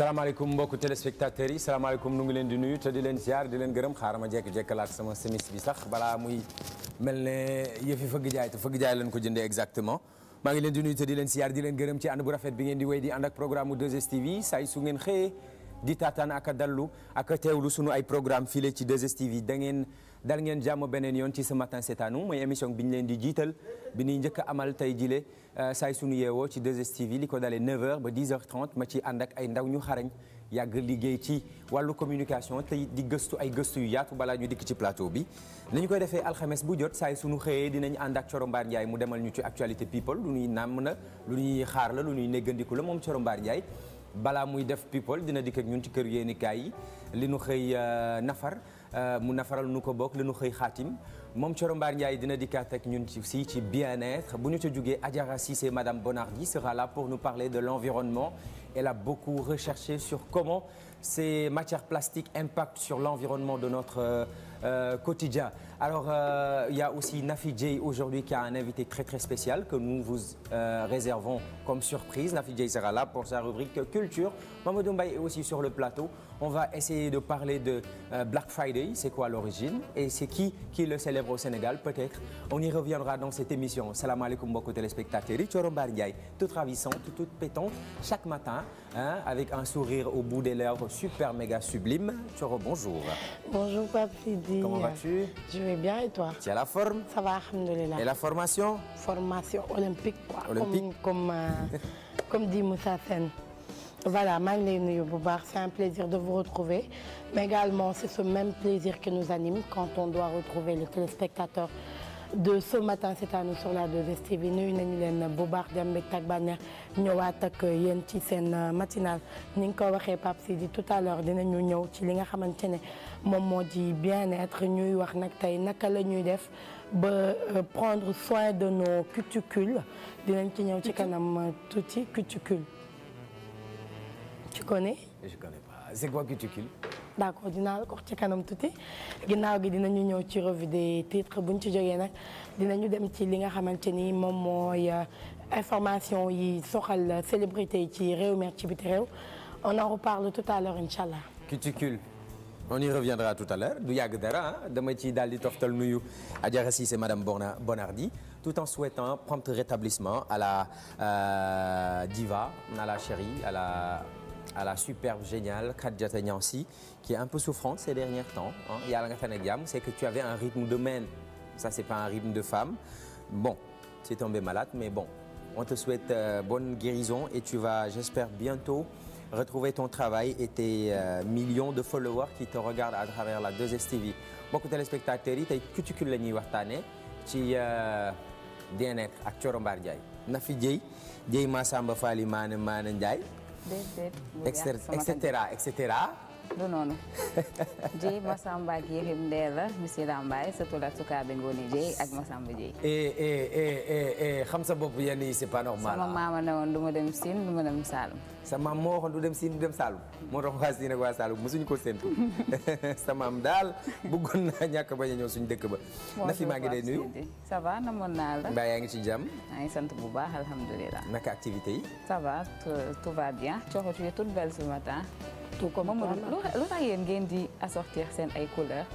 salaamaaleykum mbokku téléspectateurs yi salaamaaleykum nu ngi leen di nuyu te di leen ziar di leen gërëm xaaral ma jékki-jékkalaat sama semis bi sax balaa muy mel ne yëfi fëgg jaay te fëgg jaay leen ko jëndee exactement maa ngi leen di nuyu te di leen ziar di leen gërëm ci ànd bu rafet bi ngeen di wéy di ànd programme 2STV saa su ngeen xëyee di taataan ak a dallu ak a teewlu sunu ay programme file ci 2STV da ngeen. dal ngeen jàmm beneen yoon ci ce matin c'est à mooy émission bi ñu leen di jiital bi ñuy njëkk amal tey jile euh, saay suñu yeewoo ci 2STV li ko dalee 9 ba 10 h ma ci ànd ay ndaw ñu xarañ yàgg liggéey ci wàllu communication tey di gëstu ay gëstu yu yaatu balaa ñu dikk ci plateau bi. ni ñu koy defee alxames bu jot saay suñu xëyee dinañ ànd ak Corombaar Ndiaye mu demal ñu ci actualité people lu ñuy nàmm na lu ñuy xaar la lu ñuy néggandiku la moom Corombaar Ndiaye. balaa muy def people dina dikk ak ñun ci kër yéenikaay yi li ñu xëy euh, nafar. Euh, mu nafaral nu ko bokk lañu xëy xaatim moom Coro Mbaar Ndiaye dina dikkaat ak ñun si ci bien-être bu ñu ca jugee Adjara Cissé madame Bonardi sera là pour nous parler de l'environnement elle a beaucoup recherché sur comment ces matières plastiques impactent sur l'environnement de notre euh, euh, quotidien alors euh, il y a aussi Nafi Dieye aujourd'hui qui a un invité très très spécial que nous vous euh, réservons comme surprise Nafi Dieye sera là pour sa rubrique culture Mamadou Mbaye est aussi sur le plateau On va essayer de parler de euh, Black Friday, c'est quoi l'origine qui le célèbre au Sénégal peut-être. On y reviendra dans cette émission. Salaamaaleykum mbokki téléspectateurs yi Thioro Mbar Ndiaye toute ravissante, chaque matin avec un sourire au bout des lèvres super méga sublime. Thioro bonjour. Bonjour Pape Sidi. Comment vas-tu? Je vais Tu as la forme? Ça Et la formation? Formation olympique euh, Comme dit Moussa voilà maa ngi lay nuyu bu baax c'est un plaisir de vous retrouver mais également c'est ce même plaisir qui nous anime quand on doit retrouver les téléspectateurs de ce matin c'est à nous sur la 2STV nuyu nañu leen bu baax dem mbégte ak bànneex ñëwaat ak yéen ci seen matinale ni nga ko waxee Pape Sidi tout à l'heure dinañu ñëw ci li nga xamante ne moom moo di bien-être ñuy wax nag tey naka la ñuy def ba euh, prendre soin de nos cuticules dinañ ci ñëw ci kanam tuuti cuticule tu connais. je connais pas c'est quoi que tu kills. d'accord dinaa la ko wax ci kanam tuuti ginnaaw gi dinañu ñëw ci revue des titres buñ ci jógee nag dinañu dem ci li nga xamante ni moom mooy euh, information yi soxal célébrité ci réew mi ci biti réew on en reparle tout à l'heure inchallah cuticule on y reviendra tout à l'heure du yàgg dara ah. dama ci daal di toftal nuyu Adjara Cissé madame Bona Bonardi tout en souhaitant prompt rétablissement à la euh, diva à la chérie à la à la superbe, géniale Khadjata Niansi, qui est un peu souffrante ces derniers temps. Hein. Yàlla nga fan ak jàmm, c'est que tu avais un rythme de mène. Ça, c'est pas un rythme de femme. Bon, tu es tombée malade, mais bon, on te souhaite euh, bonne guérison et tu vas, j'espère, bientôt retrouver ton travail et tes euh, millions de followers qui te regardent à travers la 2STV. mbokku téléspectateurs yi tey cuticule la ñuy waxtaanee ci euh, bien-être ak Coro Mbar Ndiaye. Nafi Dieye Dieye Massamba Fally Maane Maane Ndiaye. déedéet. et cetera et cetera du noonu Dieye Massamba ak Yérim Nder la monsieur Lambaye surtout la Soukabé Ngoni Dieye ak Massamba Dieye. Eh eh, eh, eh eh xam sa bopp yenn yi c'est pas normal. sama ah. maama ne woon du ma dem Sine du ma dem Saloum. sa maam moo waxoon du dem Sine du dem Saloum. moo tax waa Sine ak waa Saloum ko séntu. sa maam daal bëggoon naa ñàkk bañ a ñëw dëkk ba. na fi maa ngi lay nuyu. ça va namoon naa la. mbaa yaa ngi ci jàmm. maa ngi sant bu baax alhamdulilah. naka activité yi. ça va tout va bien. coxu tuuti toute belle surtout comme Mamadou lu tax yéen ngeen di assortir seen ay couleurs.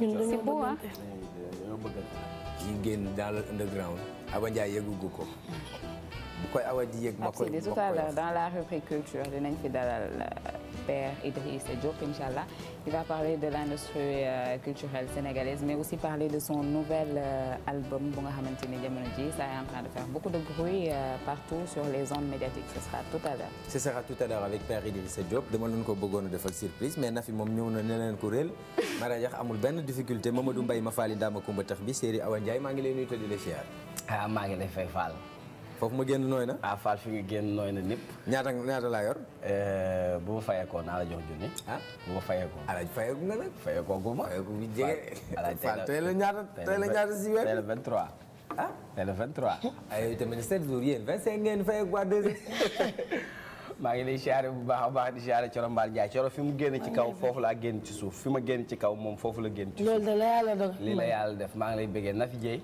ñun dañoo bëggante dañoo bëggante. kii génn dans le underground. Awa Ndiaye yëgugu ko. bu koy awa di yëg ma ah, koy ma koy dans la rubrique culture dinañ fi euh, père Idriss Diop, Inch'Allah. Il va parler de l'industrie euh, culturelle sénégalaise, mais aussi parler son nouvel euh, album, Bunga Hamantini Diamonoji. Ça est en train de faire beaucoup de bruit euh, partout sur les ondes médiatiques. Ce sera tout à l'heure. Ce sera tout à avec père Idriss Diop. Dama leen ko bëggoon a defal surprise, mais Nafi moom ñëw na ne leen ko réel. Marajax amul benn difficulté Mamadou Mbaye ma faali Dama Kumba tax bi Séeri Awa Ndiaye maa ngi lay nuyu te di la Ah maa ngi lay fay faal. foofu ma génn nooy na. ah Fall fi génn nooy na lépp. ñaata ñaata laa yor. Eh, bu ma fayeekoo naa la jox junni. ah bu ma fayeekoo. ma. fayeeku bi jege. Fall tey ñaata tey la ñaata si weer. tey la 23. ah tey la ah, ngeen fayeeku waa 2 maa ngi lay siyaare bu baax a baax di siyaare Coro Mbaal Njaay Coro fi mu génn ci kaw foofu laa génn ci suuf fi génn ci kaw moom foofu la génn ci suuf. loolu de la yàlla dogal. def maa ngi lay bëggee Nafi Dieye.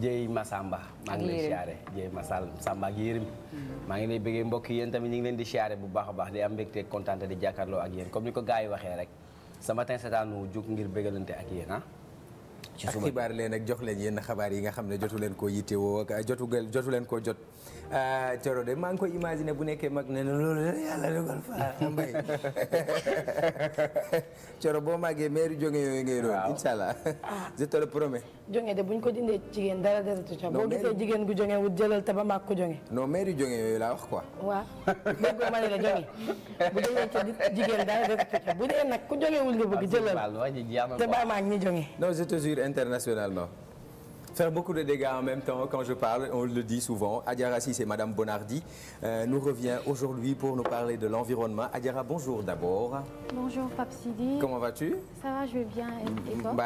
Jéy Masamba maa ngi lay siyaare Jéy Masal Samba ak Yérim mm-hmm. maa ngi lay bëggee mbokk yéen tamit ñu ngi leen di siyaare bu baax a baax di am mbégte kontaan di jàkkaarloo ak yéen comme ni ko gars yi waxee rek sama matin setaanu jug ngir bëggalante ak yéen ah ci suba xibaar leen ak jox leen yenn xabaar yi nga xam ne jotu leen koo yittewoo ak jotu jotu leen koo jot Coro de maa ngi koy bu nekkee mag ne loolu la yàlla dogal fa mbay Coro boo màggee meeri jonge yooyu ngay doon incha allah je te le jonge de bu ñu ko dindee jigéen dara dara tu ca boo gisee jigéen gu jonge wut jëlal te ba mag ko jonge non meeri jonge yooyu laa wax quoi. waaw dégg nga ma ne la jonge bu dee nag ku jonge wul nga bëgg jëlal te ba mag ñi jonge non je te jure internationalement. faire beaucoup de dégâts en même temps quand je parle, on le dit souvent. Adjara Sissé et Madame Bonardi euh, nous revient aujourd'hui pour nous parler de l'environnement. Adjara, bonjour d'abord. Bonjour Pape Comment vas-tu Ça va, je vais bien.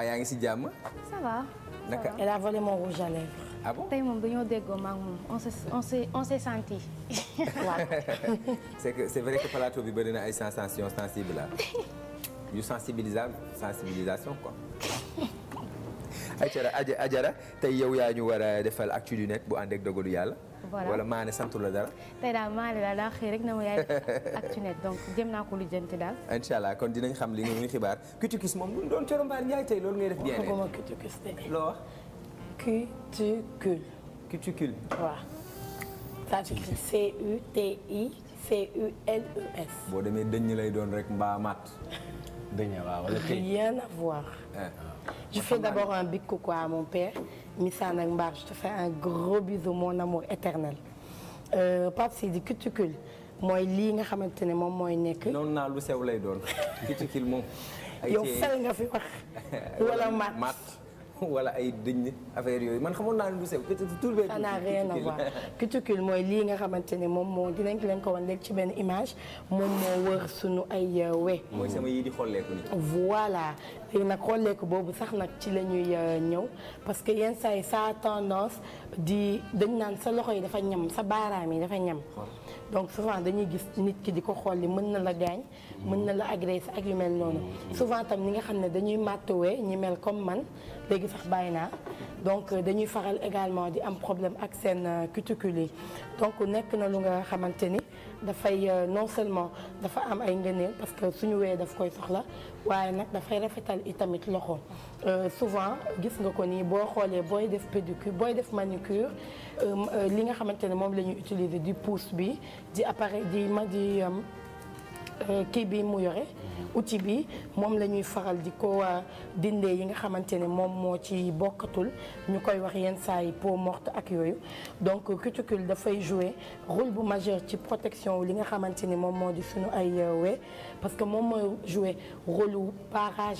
yaa ngi si jàmm. Ça va. Naka Elle a volé mon rouge à lèvres. ah bon tey moom dañoo déggoo maag moom on s' on est senti. waaw. c' est que c' est vrai que plateau bi bëri na ay sensations sensibles ah. yu sensibilisable sensibilisation ajara aja ajara tey yow yaa ñu war defal actu du net bu ànd ak dogalu yàlla. wala maane sant la dara. tey daal maane daal daa xëy rek na ma yaay actu donc jëm naa ko lu jënti daal. incha allah kon dinañ xam li ñu xibaar Cutukis moom bu doon Thioro Mbaye Ndiaye tey loolu ngay def. bien ne waxuma Cutukis de. loo wax. L E S. boo demee dëññ lay doon rek mbaa mat. dëññ waaw rien à voir. Ah. Je fais d'abord un big coucou à mon père Missa nag Mbar je te fais un gros bisou mon amour éternel euh, Pape Sidi cuticule mooy li nga xamante ne moom mooy nekk. noonu lu sew lay doon cuticule mo yow fel nga fi wax wala mat. wala ay dëñ affaire yooyu man xamoon naa ne sew peut mooy lii nga xamante ne moom moo dinañ leen ko wan léegi ci benn image moom moo wër sunu ay euh, we mooy sama yii di xolleeku ni voilà léegi nag boobu sax nag ci la ñuy euh, ñëw parce que yenn saa yi saa di dañ naan sa loxo yi dafa ñam sa baaraam yi dafa ñam donc souvent dañuy gis nit ki di ko xool li mën na la gaañ mën na la agressé ak yu mel noonu mm-hmm. souvent tam ñi nga xam ne dañuy màttuwee ñi mel comme man léegi sax bàyyi naa donc euh, dañuy faral également di am problème ak seen euh, cuticule yi donc nekk na lu nga xamante ni dafay euh, non seulement dafa am ay ngëneel parce que suñu wee daf koy soxla waaye nag dafay rafetal itamit loxo souvent gis nga ko nii boo xoolee booy def pédicure booy def manucure li nga xamante ne moom la ñuy utiliser di pouce bi di appareil di ma di Euh, kii bii mu yore outil bi moom la ñuy faral di ko euh, dindee yi nga xamante ne moom moo ci bokkatul ñu koy wax yenn saa yi peau morte ak yooyu donc cuticule dafay joue rôle bu majeur ci protection li nga xamante ni moom moo di suñu ay euh, we parce que moom mooy jouer rôle lu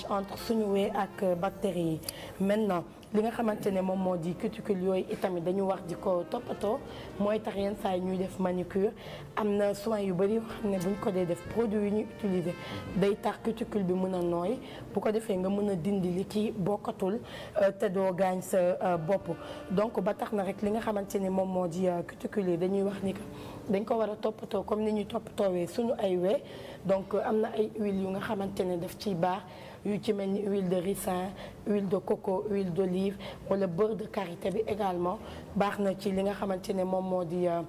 entre suñu wee ak euh, bactéries yi maintenant li nga xamante ne moom moo di cuticule yooyu itamit dañu wax di ko toppatoo mooy tax yenn saa yi ñuy def manucure am na soin yu bëri yoo xam ne buñ ko dee def produit yu ñuy utiliser day tax cuticule bi mën a nooy bu ko defee nga mën a dindi li ci bokkatul euh, te doo gaañ sa euh, bopp donc ba tax na rek li nga xamante ne moom moo di cuticule yi dañuy wax ni dañ ko war a toppatoo comme ni ñuy toppatoowee suñu ay wee donc euh, am na ay huiles yu nga xamante ne daf ciy baax yu ci mel ni huile de ricin huile de coco huile d'olive wala beurre de karité bi également baax na ci li nga xamante ne moom moo di euh,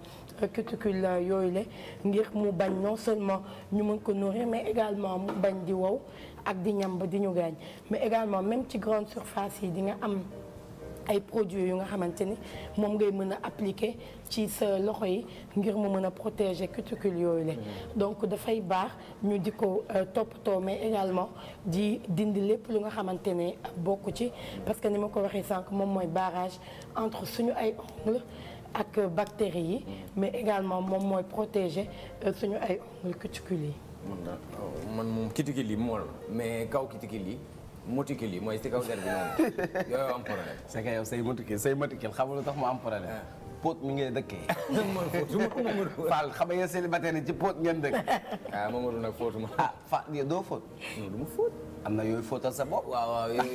cuticule euh, yooyu le ngir mu bañ non seulement ñu mën ko nourrir mais également mu bañ di wow ak di ñam ba di ñu gaañ mais également même ci grande surface yi di nga am ay produits yu nga xamante ni moom ngay mën a appliquer ci sa loxo yi ngir mu mën a protéger cuticule yooyu la mm. donc dafay baax ñu di ko euh, toppatoo mais également di dindi lépp lu nga xamante ne bokk ci parce que ni ma ko waxee sànq moom mooy barrage entre suñu ay ongle ak bactéries yi mm. mais également moom mooy protéger euh, suñu ay ongle cuticule yi mën na oh, yi mool mais kaw cuticule yi moticule yi mooy si kaw der bi noonu yooyu am problème c'est que yow say moticule say moticule xam tax mu am problème ah. póot mi ngeen dëkkee. mooy fóotu Mamadou. Fall xam nga yéen célibataire yi ci póot ngeen dëkk. ah Mamadou nag fóotu ma. ah Fall doo fóot. du ma fóot. am na yooyu fóotal sa bopp.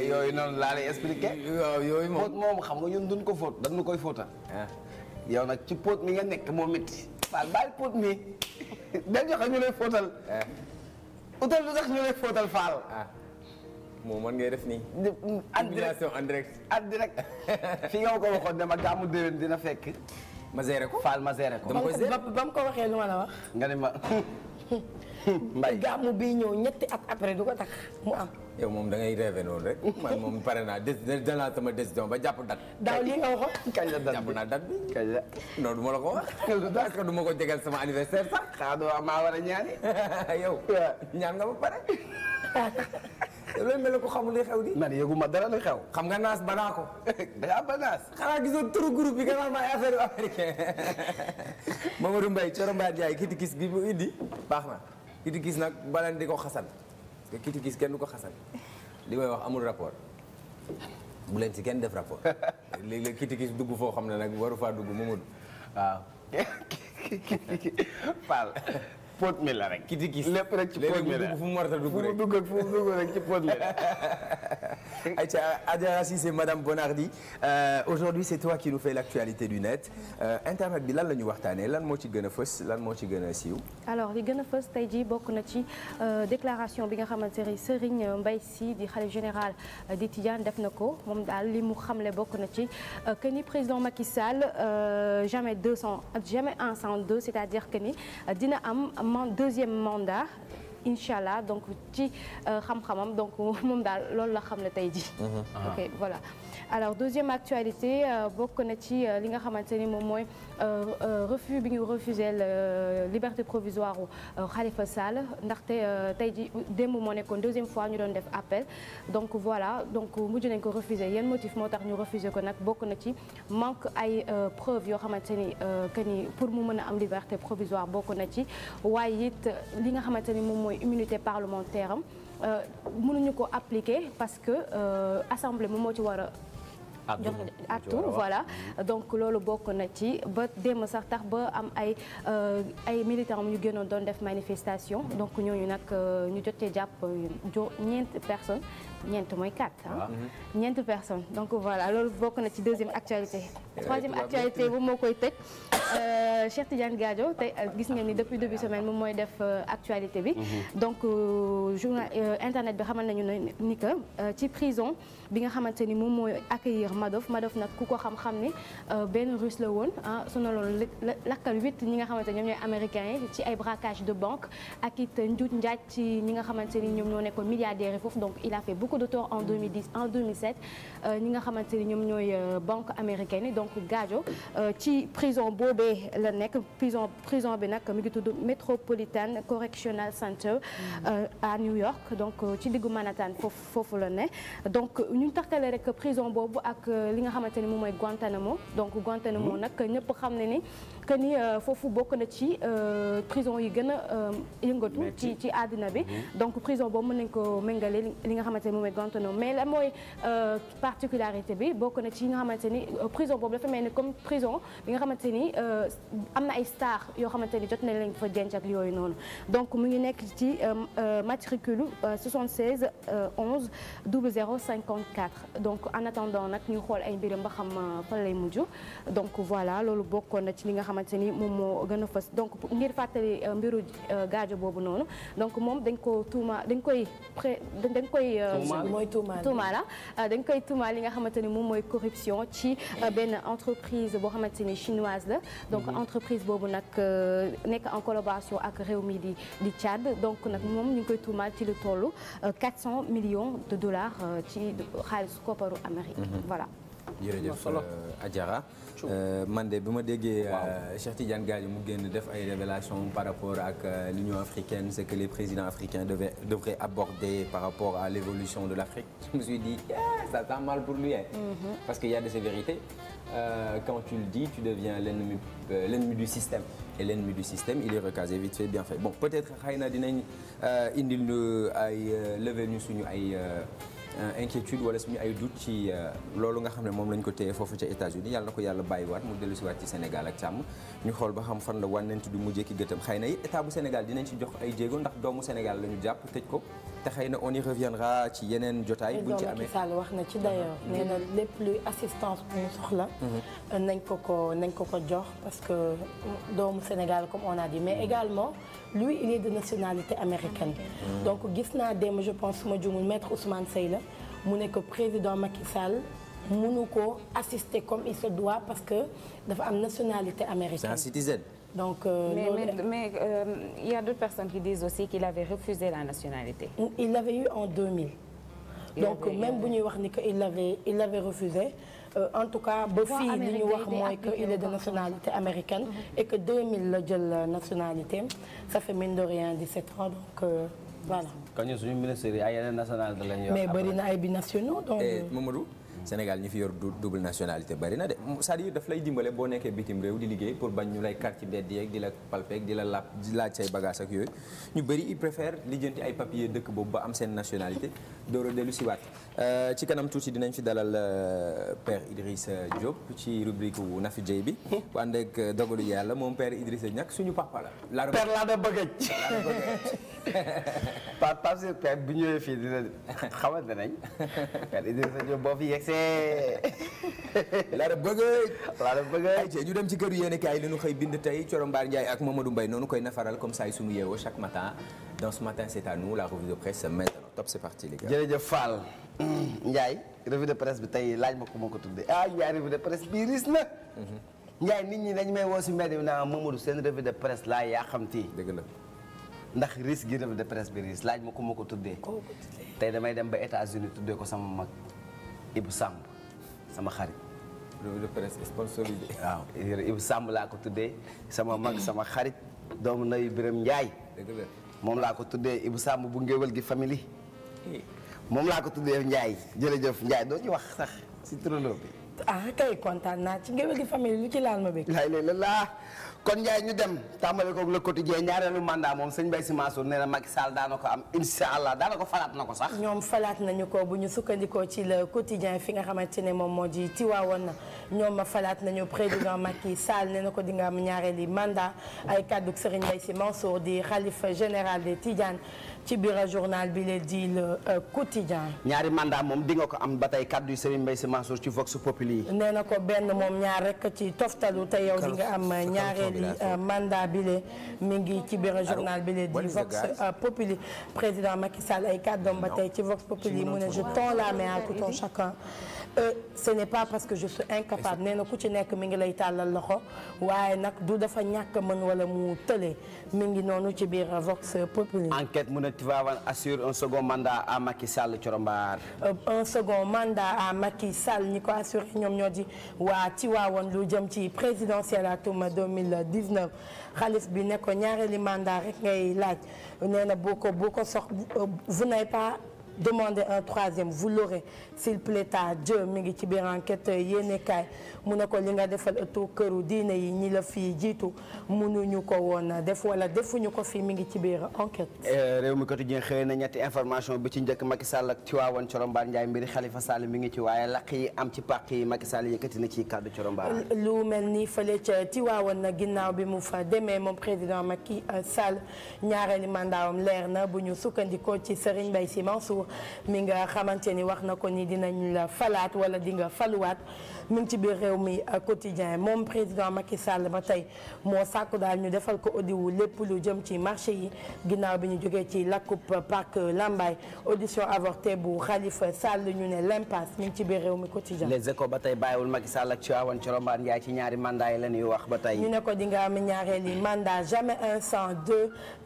yooyu noonu laa lay expliqué. waaw yooyu moom póot moom xam nga ñun duñ ko koy fóotal. Ah. yow nag ci póot mi nga nekk moom it. Fall bàyyi póot mi. dañ joxe ñu lay fóotal. Ah. utal lu tax ñu lay fóotal moom man ngay def nii. en direct en direct fi nga ma ko waxoon dama gàmmu déwén dina fekk. ma géré ko Fall ma géré ko. ba ko waxee lu ma la wax. nga ne ma. mbay gàmmu bii ñëw ñetti at après du ko tax mu am. yow moom da ngay rêvé noonu rek man moom pare naa des dal naa sama décision ba jàpp dat. daaw lii nga waxoon. kañ la dat la. ma la ko wax. parce que du ma ko jegal sama anniversaire sax. xanaa doo maa war yow ñaan nga ba pare. daf lay mel ne ku xamul li xew di. man yëguma dara li xew. xam nga naas banaa ko. dangaa ba naas. xanaa gisoon turu groupe bi nga naan ma ay affaire yu américain Mamadou Mbaye Coro Mbaye Ndiaye kiti gis bi mu indi baax na kiti gis nag baleen di ko xasan parce que gis kenn du ko xasan li may wax amul rapport bu leen ci kenn def rapport léeg-léeg kiti gis dugg foo xam ne nag waru faa dugg Mamadou waaw. Paal. pot mi la rek. ki di gis ci a dugg rek fu mu dugg fu mu dugg rek ci pot mi la. Aïcha Adjara Cissé madame Bonardi euh, aujourd'hui c'est toi qui nous fais l'actualité du net euh, internet bi lan la ñu waxtaanee lan moo ci gën a fës lan moo ci gën a siiw. alors li gën fës tey jii bokk na ci euh, déclaration bi nga xamante ne Serigne Mbaye Sy di xalif général di Tidiane def na ko moom daal li mu xamle bokk na ci que ni président Macky Sall jamais deux sans jamais un sans deux c'est-à-dire que ni dina am. deuxième mandat incha allah donc ci euh, xam-xamam donc moom daal loolu la xam ne tey ji mhm. ah. ok voilà alors deuxième actualité euh, bokk na ci euh, li nga xamante ni moom mooy euh, refus bi ñu refusé liberté provisoire Khalifa Sall ndaxte tey ji démb moo nekkoon deuxième fois ñu doon def appel donc voilà donc mujj nañ ko refusé yan motif moo tax ñu refusé ko nag bokk na ci manque ay preuve yoo xamante ni que ni pour mu mën a am liberté provisoire bokk na ci waaye it li nga xamante ni moom mooy immunité parlementaire am mënuñu ko appliquer parce que assemblée moom moo ci war a atout ah voilà mm-hmm. donc loolu bokk na ci ba démb sax tax ba am ay euh, ay militants yu gënoon doon def manifestation donc ñooñu nag euh, ñu jot cee jàpp euh, jo ñeent personnes ñeent mooy quatre ah mm-hmm. Mm-hmm. ñeent personnes donc voilà loolu bokk na ci deuxième actualité eh, eh, troisième actualité bu moo koy tëj Cheikh Tidiane Gadio tey gis nga ni depuis début semaine moom mooy def actualité bi donc journal internet bi xamal nañu ne ni que ci prison bi nga xamante ni moom mooy accueillir Madoff Madoff nag ku ko xam-xam ne euh, benn russe la woon ah sonaloon lakkal huit ñi nga xamante ñoom ñooy américains yi ci ay braquage de banque ak it njuuj njaaj ci ñi nga xamante ni ñoom ñoo nekkoon milliardaires yi foofu donc il a fait beaucoup de tort en 2010 en euh, nga xamante ni ñoom ñooy euh, banque américain yi donc gaajo ci prison boobee la nekk prison prison bi nag mi ngi tudd Metropolitan Correctional Center mm. à New York donc ci diggu Manhattan foofu foofu la ne ñu takkale rek prison boobu ak euh, li nga xamante ni moom mooy Guantanamo donc moo mm-hmm. nag ñëpp xam ne ni que ni euh, foofu bokk na ci euh, prison yi gën a euh, yëngatu ci ci àddina bi mhm. donc prison boobu mën nañ ko méngale li nga xamante ni moom mooy Guantanamo mais la mooy particularité bi bokk na ci yi nga xamante ni prison boobu dafa mel ni comme prison bi nga xamante ni am na ay star yoo xamante ni jot na leen fa denc ak yooyu noonu donc mu ngi nekk ci matricule 76 11 00 54 donc en attendant nag ñu xool ay mbiram ba xam fan lay mujj donc voilà loolu bokkoon na ci li nga xam xamante ni moom moo gën a fës donc ngir fàttali euh, mbiru euh, gaajo boobu noonu donc moom dañ ko tuuma dañ koy pré dañ koy tuuma la dañ koy euh, tuuma ah. li nga xamante ni moom mooy corruption ci benn entreprise boo xamante ni chinoise la donc mhm. entreprise boobu nag nekk en collaboration ak réew mi di di Tchad donc nag moom ñu ngi koy tuumaal ci lu tollu 400 millions de dollars ci xaalis kopparu Amérique mhm. voilà jërëjëf euh, Adjara euh, man de bi ma déggee euh, Cheikh Tidiane Gadio mu génn def ay révélation par rapport ak l'Union africaine ce que les présidents africains devaient devraient aborder par rapport à l'évolution de l'Afrique je me suis dit yeah, ça sent mal pour lui hein. mm -hmm. parce qu'il y a de ces vérités euh, quand tu le dis tu deviens l'ennemi euh, l'ennemi du système et l'ennemi du système il est recasé vite fait bien fait bon peut-être xëy na dinañ indil ñu ay lever ñu suñu ay Euh, inquiétude wala suñu ay dut ci euh, loolu nga xam ne moom lañ ko téye foofu ca États-Unis yàlla ko yàlla bàyyiwaat mu dellusiwaat ci Sénégal ak càmm ñu xool ba xam fan la wànnent du mujjee ki gëtëm xëy na it état bu Sénégal dinañ ci jox ay jéego ndax doomu Sénégal la ñu jàpp tëj ko te xëy na on y reviendra ci yeneen jotaay. buñ ci amee président Macky Sall wax ci d'ailleurs. Mhm. nee na lépp luy assistance bu mu soxla. Mhm. nañ ko ko nañ ko ko jox parce que doomu Sénégal comme on a dit mais mhm. également lui il est de nationalité américaine. donc gis naa démb je pense su ma jumul maître Ousmane Sey la mu ne ko président Macky Sall. mënu ko assister comme il se doit parce que dafa am nationalité américaine. C'est un donc euh, mais mais, mais euh, il y a d'autres personnes qui disent aussi qu'il avait refusé la nationalité. il l'avait eu en 2000. Il donc avait, même bu ñuy wax ni que il l'avait il l'avait refusé euh, en tout cas ba fii li ñu wax mooy que il est de nationalité américaine. Mhm. et que 2000 la jël euh, nationalité ça fait mine de rien 17 ans donc euh, voilà. kañu suñu ministère yi ay yeneen nationalité la ñuy wax. mais bari na ay binationaux donc. Eh, Mamadou. Sénégal ñi fi yor double nationalité bari na de c'est-à-dire lay dimbale boo nekkee bitim réew di liggéey pour bañ ñu lay kar ci mbedd yeeg di la palpeeg di la laaj say bagage ak yooyu ñu bëri ils préfèrent lijjanti ay papier dëkk boobu ba am seen nationalité doora dellu si waat euh, ci kanam tuuti dinañ fi dalal euh, père Idriss Diop ci rubrique wu Nafi Jëy bi bu ànd ak euh, dogalu yàlla moom père Idriss ñàkk suñu papa la père laa da bëggaj papa père bu fii dina xamante nañ la def laa la def bëgg ayca ñu dem ci kër yéen kaay li ñu xëy bind tey Coro Mbaar Ndiaye ak Mamadou Mbaye noonu koy nafaral comme ça suñu yeewoo chaque matin dans ce matin c'est à nous la revue de presse maintenant top c'est tey laaj ma ko ma ko tuddee ah Ndiaye revue de presse bi riis na. Mhm. Ndiaye nit ñi dañ may woo si mbedd mi naa Mamadou seen revue de presse laa yaa xam tii. dëgg la. ndax risque gi revue de presse bi risque laaj ma ku ma ko tuddee. tey damay dem ba États-Unis tuddee ko sama mag. Ibou Samb sama xarit. loolu de laa ko tuddee sama mag sama xarit doomu nayu Birame Ndiaye. dëgg la moom laa ko tuddee Ibou Samb bu ngéwél gi famille. Eh. moom laa ko tuddee Ndiaye jërëjëf Ndiaye doo ci wax sax si turandoo bi. ah kay kontaan naa ci ngéwél gi famille lu ci laal ma bëgg. lay la laa kon Ndiaye ñu dem tàmbale koog le quotidien ñaareelu mandat moom sëñ Baye Sy Mansour nee na daan ko am incha allah daan ko falaat na ko sax. ñoom falaat nañu ko bu ñu sukkandikoo ci le quotidien fi nga xamante ne moom moo di Tiwaawoon ñoom falaat nañu président Macky Sall nee na ko di nga am ñaareeli mandat ay kàddu Serigne Baye Sy di xalif général des Tidiane. ci biir journal bi le di le euh, quotidien ñaari mandat moom di nga ko am ba tey kàddu yi Serigne Mbaye Sy Mansour ci Vox Populi yi nee na ko benn moom ñaar rek ci toftalu te yow di nga am ñaareeli euh, mandat bi le mi ngi ci biir journal bi le di Vox euh, Populi président Macky Sall ay kàddoom ba tey ci Vox Populi yi mu ne je tends la mais à tout un chacun Euh, ce n'est pas parce que je incapable nee ku ci nekk mu ngi lay tàllal loxo waaye nag du dafa ñàkk man wala mu tële mu ngi noonu ci biir Vox Populi. enquête mu ne Tivaouane assure un second mandat à Macky Sall Corombaar. Euh, un second mandat à Macky Sall ñi ko assuré ñoom ñoo di waa Tivaouane lu jëm ci présidentielle atum 2019 xalif bi ne ñaareeli mandat rek ngay laaj nee na boo ko boo ko sox euh, vous n'avez pas. demandez un troisième vous l'aurez s'il plaît à mi ngi ci biir enquête yéenekaay mu ne ko li nga defal ëttu këru diine yi ñi la fii jiitu mënuñu ko woon def wala defuñu ko fii mi ngi ci biir enquête. Eh, réew mi quotidien xëy na ñetti information bi ci njëkk Macky Sall ak Tivaouane Corombaar Ndiaye mbiri Khalifa Sall mi ngi ci waaye laq yi am ci pàq yi Macky Sall yëkkati na ci kàddu Corombaar. lu mel ni fële ca Tivaouane na ginnaaw bi mu fa demee moom président Macky Sall ñaareeli mandaawam leer na bu ñu sukkandikoo ci Serigne Mbaye mi nga xamante ni wax na ko ni dina la falaat wala di nga faluwaat mu ngi ci biir réew mi euh, quotidien moom président Macky Sall ba tey moo sàkku daal ñu defal ko audi wu lépp lu jëm ci marché yi ginnaaw bi ñu jógee ci lakkub parc Lambaye audition avortée bu Khalifa Sall ñu ne l'impasse mi ngi ci biir réew mi quotidien les échos ba tey bàyyiwul Macky Sall ak Tivaouane Colomba Ndiaye ci ñaari mandaay yi la ñuy wax ba tey ñu ne ko di nga am ñaareel yi mandat jamais un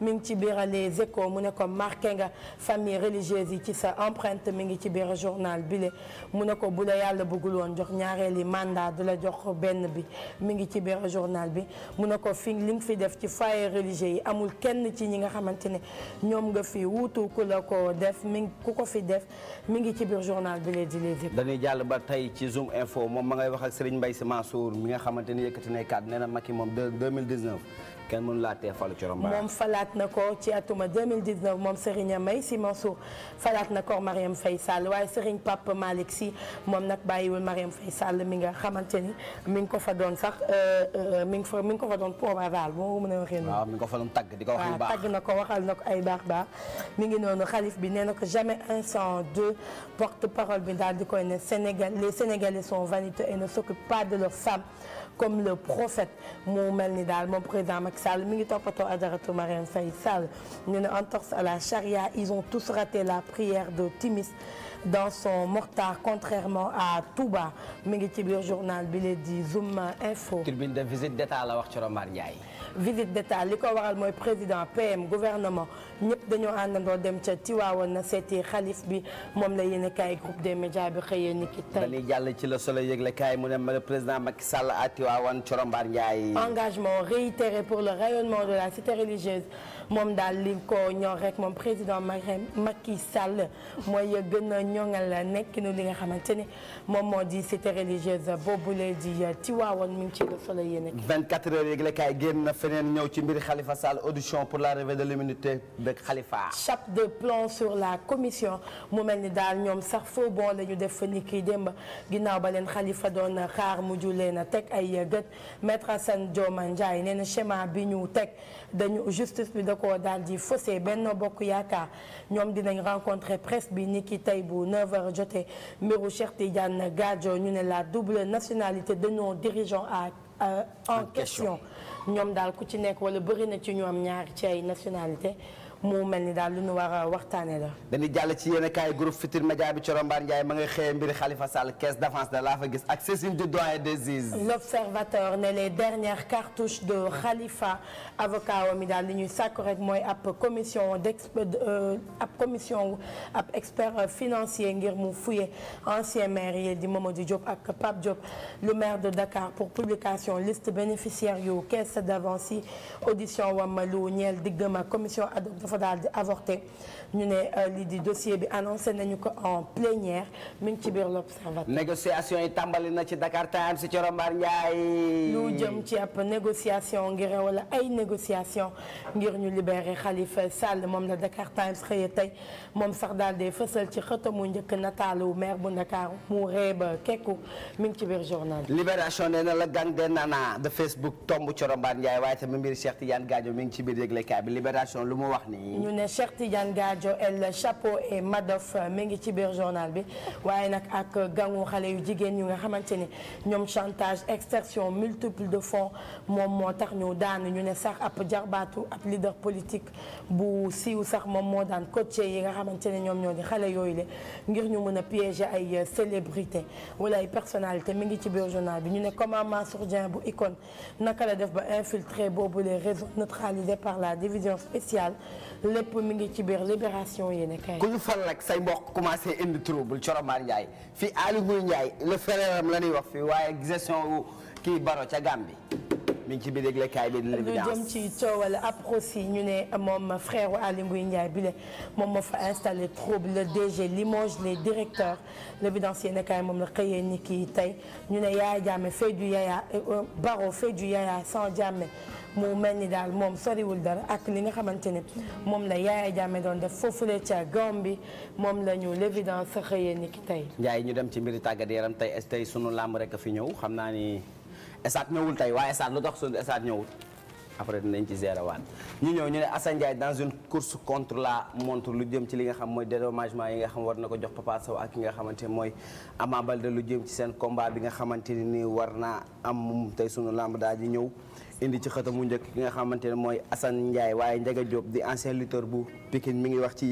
mi ngi ci biir les échos mu ne ko marqué nga famille religieuse yi ci sa empreinte mi ngi ci biir journal bile mu ne ko bu la bëggul woon jox ñaareel tàmbali mandat du la jox benn bi mi ngi ci biir journal bi mu ne ko fi li nga fi def ci foyer religieux yi amul kenn ci ñi nga xamante ne ñoom nga fi wuutu ku la ko def mi ku ko fi def ngi ci biir journal bi lee di lee di dañuy jàll tey ci Zoom info moom ma ngay wax ak Serigne Mbaye Sy Mansour mi nga xamante ni yëkkati ne kàddu nee na Macky moom 2019 kenn mënu laa tee falu Coro Mbaar moom falaat na ko ci atuma 2019 moom Serigne Amay Sy Mansour falaat na ko Mariam Faye Sall waaye Serigne Pape Malick Sy moom nag bàyyiwul Mariam Faye Sall mi nga xamante ni mi ngi ko fa doon sax euh, euh, mi ngi fa mi ngi ko fa doon probaval moo mën a waxee noonu. waaw mi ngi ko fa doon tagg di ko wax lu baax tagg na ko waxal na ko ay baax baax mi ngi noonu xalif bi nee na ko jamais un sans deux porte parole bi daal di koy ne Sénégal les Sénégalais sont vaniteux et ne s'occupent pas de leurs femmes. comme le prophète mu mel ni daal moom président Macky Sall mi ngi toppatoo Adjaratou Marième Faye Sall ñu ne entorse à la charia ils ont tous raté la prière de Timis dans son mortar contrairement à Touba mi ngi ci biir journal bi leen di Zoom Info. tribune de visite d'état la wax ci Romar visite d'état li ko waral mooy président PM gouvernement ñëpp dañoo àndandoo dem ca Tiwaawan na seeti xalif bi moom la yéen a kaay groupe des médias bi xëyee ni ki tey. dañuy jàll ci le soleil yëgle kaay mu ma le président Macky Sall à Tiwaawan ci engagement réitéré pour le rayonnement de la cité religieuse. moom daal li ko ñor rek moom président Marème Macky Sall mooy gën a ñoŋal nekk nu li nga xamante ni moom moo di cité religieuse boobule di Tiwaawan mi ngi ci Le Soleil yéen ak. 24 heures yëgle génn na feneen ñëw ci mbir Khalifa Sall audition pour la réveil de l'immunité de Khalifa. chape de plomb sur la commission mu mel ni daal ñoom sax foo la ñu def fa ni kii démb ginnaaw ba leen Khalifa doon xaar mujj leen a teg ay gët maître Assane Dioma Ndiaye nee na schéma bi ñu teg. dañu justice bi da koo daal di faussé Benno Bokk Yaakaar ñoom dinañ rencontrer presse bi ni ki tey bu 9h jotee mbiru Cheikh Tidiane Gadio ñu ne la double nationalité de nos dirigeants à euh, en question ñoom daal ku ci nekk wala bëri na ci ñoom ñaari ci ay nationalité mu mel ni daal lu ñu war a waxtaanee la. dañuy jàll ci yéen a kaay groupe Futurs Médias bi Thioro Mbar Ndiaye ma nga xëyee mbiri Khalifa Sall caisse d'avance da laa gis ak Cécile du doyen des juges. l'observateur ne les dernières cartouches de Khalifa avocat wa mi daal li ñuy sàkk rek mooy ab commission d'expert euh, ab commission ab expert financier ngir mu fouiller ancien maire ye di di Diop ak Pape Diop le maire de Dakar pour publication liste bénéficiaire yu caisse d'avance yi audition wam lu ñeel diggam dafa daal di avorté ñu ne euh, lii di dossier bi annoncé nañu ko en plénière mi ngi ci biir l'observateur négociation yi tàmbali na ci Dakar Times ci Coromar Ndiaye. lu jëm ci ab négociation ngir wala ay négociation ngir ñu libérer Khalifa Sall moom la Dakar Times xëye tey moom sax daal di fësal ci mu njëkk nataalu maire bu Dakar mu reeba kekku mi ngi ci biir journal liberation nee na la gang de nana de Facebook tomb Coromar Ndiaye waaye tamit mbir Cheikh Tidiane Gadio mi ngi ci biir yëglekaay bi libération lu mu wax Joël Chapeau et Madoff euh, mi ngi ci biir journal bi waaye nag ak gangu xale yu jigéen ñu nga xamante ni ñoom chantage extorsion multiple de fonds moom moo tax ñu daan ñu ne sax ab jarbaatu ab leader politique bu siiw sax moom moo daan coaché yi nga xamante ne ñoom ñoo di xale yooyu le ngir ñu mën a piéger ay célébrité wala ay personnalité mi ngi ci biir journal bi ñu ne comment Mansour Dieng bu Icon naka la def ba infiltré boobu les réseaux neutralisés par la division spéciale lépp mi ci biir Libération yéen kay. ku ñu fal nag say mbokk commencé indi trouble Coromar Ndiaye fii Aliou Ngouye Ndiaye le frère am la ñuy wax fii waaye gestion wu kii Baro ca Gambie. mi ngi ci biir yëglekaay bi di lu jëm ci coowal APROSI ñu ne moom frère Aly Ngouille Ndiaye bi le moom moo fa installé trouble le DG limoge les directeurs l'évidence yéen kaay moom la xëyee ni kii tey ñu ne Yaya Jammeh fait du Yaya euh, Barrow fait du Yaya sans Jammeh mu mel ni daal moom soriwul dara ak li nga xamante ni moom la Yaya Jammeh doon def foofu foofule ca Gambie moom la ñu l'évidence xëyee ni ki tey. Ndiaye ñu dem ci mbiri tàggat yaram tey tey sunu làmb rek a fi ñëw xam naa ni esaat ñëwul tey waaye esaat lu tax sunu esaat ñëwul. après dinañ ci zéro waat ñu ñëw ñu ne Assane dans une course contre la montre lu jëm ci li nga xam mooy dédommagement yi nga xam war na ko jox Papa Sow ak ki nga xamante mooy Ama Baldé lu jëm ci seen combat bi nga xamante nii war naa am tey suñu làmb daal di ñëw. indi ci xëtam njëkk ki nga xamante ne mooy Assane Ndiaye waaye Ndiaga Diop di ancien lutteur bu Pikine mi ngi wax ci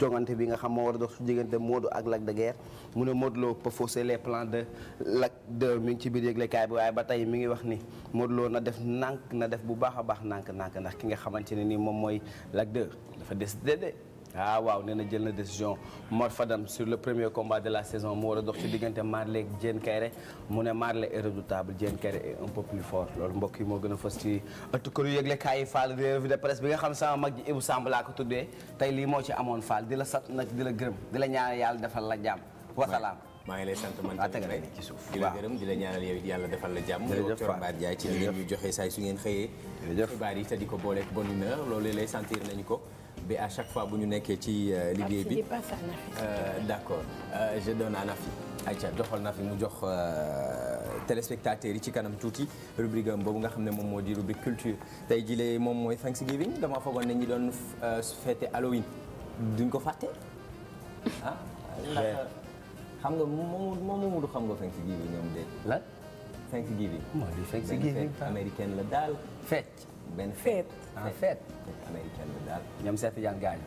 jongante bi nga xam moo war a dox su diggante Modou ak Lac de Guerre mu ne Modou Lo peut fausser les plans de Lac de mu ngi ci biir yëglekaay bi waaye ba tey mi ngi wax ni Modou na def nànk na def bu baax a baax nànk nànk ndax ki nga xamante ne ni moom mooy Lac de dafa des déedéet ah waaw nee na jël na décision Mor Fadam sur le premier combat de la saison mu war a dox ci diggante Marley ak Diène Kairé mu ne Marley est redoutable Diène Kairé est un peu plus fort loolu mbokk yi moo gën a fës ci ëttu kër yëgle kaay Fall de presse bi nga xam sama mag ji Ibou Samb ko tuddee tey lii moo ci amoon Fall di la sat nag di la gërëm di la ñaan yàlla defal la jàmm wasalaam. maa ngi lay sant man ah, tamit rek ci suuf di la gërëm di la ñaanal yow defal la jàmm docteur Mbaye Ndiaye ci li ngeen ñu ko booleek bonne humeur loolu nañu ko bi à chaque fois bu ñu nekkee ci euh, liggéey bi euh, d'accord euh, je donne à Nafi Aïcha joxal Nafi mu jox téléspectateurs yi ci kanam tuuti rubrique am boobu nga xam ne moom moo di rubrique culture tey jilee moom mooy Thanksgiving dama foogoon ne ñi doon fêté Halloween duñ ko fàtte ah ndax xam nga moom moomu xam nga Thanksgiving ñoom de lan Thanksgiving mooy Thanksgiving la daal fête benn fête en fait américaine la daal ñoom seet yan gaañu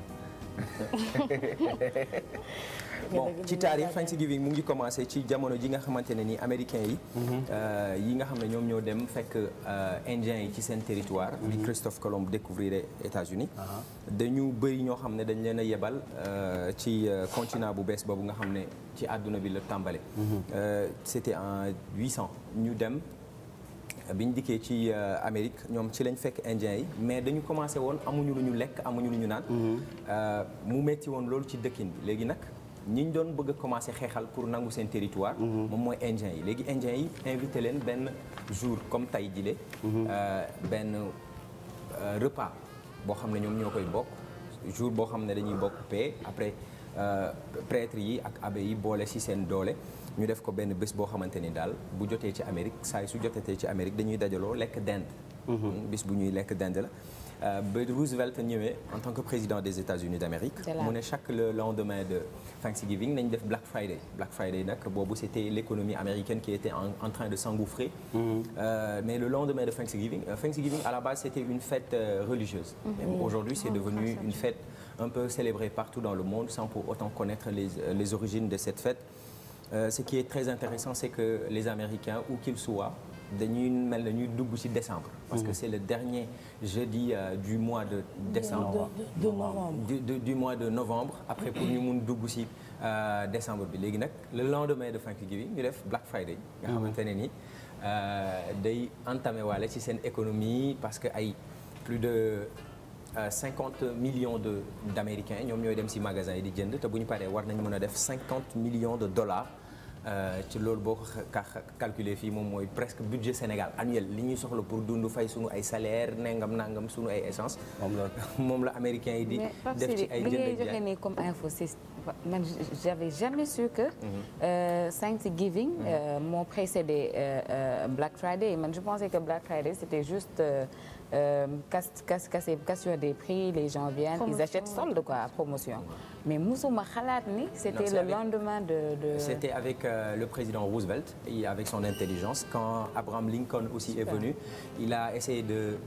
bon ci taarix Thanksgiving mu ngi commencé ci jamono ji nga xamante ne ni américain yi yi nga xam ne ñoom ñoo dem fekk indiens yi ci seen territoire bi Christophe Colomb découvrir États-Unis dañu bëri ñoo xam ne dañ leen a yebal ci continent bu bees boobu nga xam ne ci àdduna bi la tàmbale c'était en 800 ñu dem biñ dikkee ci euh, Amérique ñoom ci lañ fekk indien yi mais dañu commencé woon amuñu lu ñu lekk amuñu lu ñu naan. Mm-hmm. Euh, mu metti woon loolu ci dëkkin bi léegi nag. ñi ñu doon bëgg a commencé xeexal pour nangu seen territoire. Mm-hmm. moom mooy indien yi léegi indien yi invité leen benn jour comme tay jile. Mm-hmm. Euh, benn repas boo xam ne ñoom ñoo koy bokk jour boo xam ne dañuy bokk paix après prêtre yi ak abbé yi boole si seen doole. ñu def ko benn bés boo xamante ni daal bu jotee ci Amérique saa su jotatee ci Amérique dañuy dajaloo lekk dinde mhm. mm, bis bu ñuy lekk dinde la euh, ba Roosevelt ñëwee en tant que président des États-Unis d'Amérique mu chaque le lendemain de Thanksgiving nañ def Black Friday Black Friday nag boobu c'était l'économie américaine qui en, en de s'engouffrer mm le lendemain de Thanksgiving euh, Thanksgiving à la base c'était une fête religieuse mm aujourd'hui c'est oh, devenu une fête un peu célébrée partout dans le monde sans pour autant connaître les origines de cette fête Euh, ce qui est très intéressant c'est que les Américains où qu'ils soient dañuy mel na ñuy dugg ci décembre. parce que mmh. c'est le dernier jeudi euh, du mois de décembre. De, de, de novembre du, mois de novembre. après pour ñu mun dugg ci euh, décembre bi léegi nag le lendemain de Thanksgiving ñu def Black Friday. nga ah xamante ne ni euh, day entamé waale si seen économie parce que ay plus de. 50 euh, millions de d'Américains ñoom ñooy dem si magasin yi di jënd te bu ñu paree war nañ mën a def 50 millions de dollars Euh, ci loolu boo ko calculer fii moom mooy presque budget Sénégal annuel li ñuy soxla pour dund fay sunu ay salaire nangam nangam sunu ay essence. moom la moom la américain yi di. def ci ay jënd jaay mais Pape joxe nii comme info si man j'avais jamais su que. Mm-hmm. Euh, Thanksgiving. Mm-hmm. Euh, moo précédé Black Friday man je pensais que Black Friday c'était juste. casse casse casse cassure des prix les gens viennent. ils achètent solde quoi promotion. mais musuma xalaat ni. c'était le lendemain de de. c'était avec euh, le président Roosevelt et avec son intelligence quand Abraham Lincoln aussi Super. est venu il a essayé de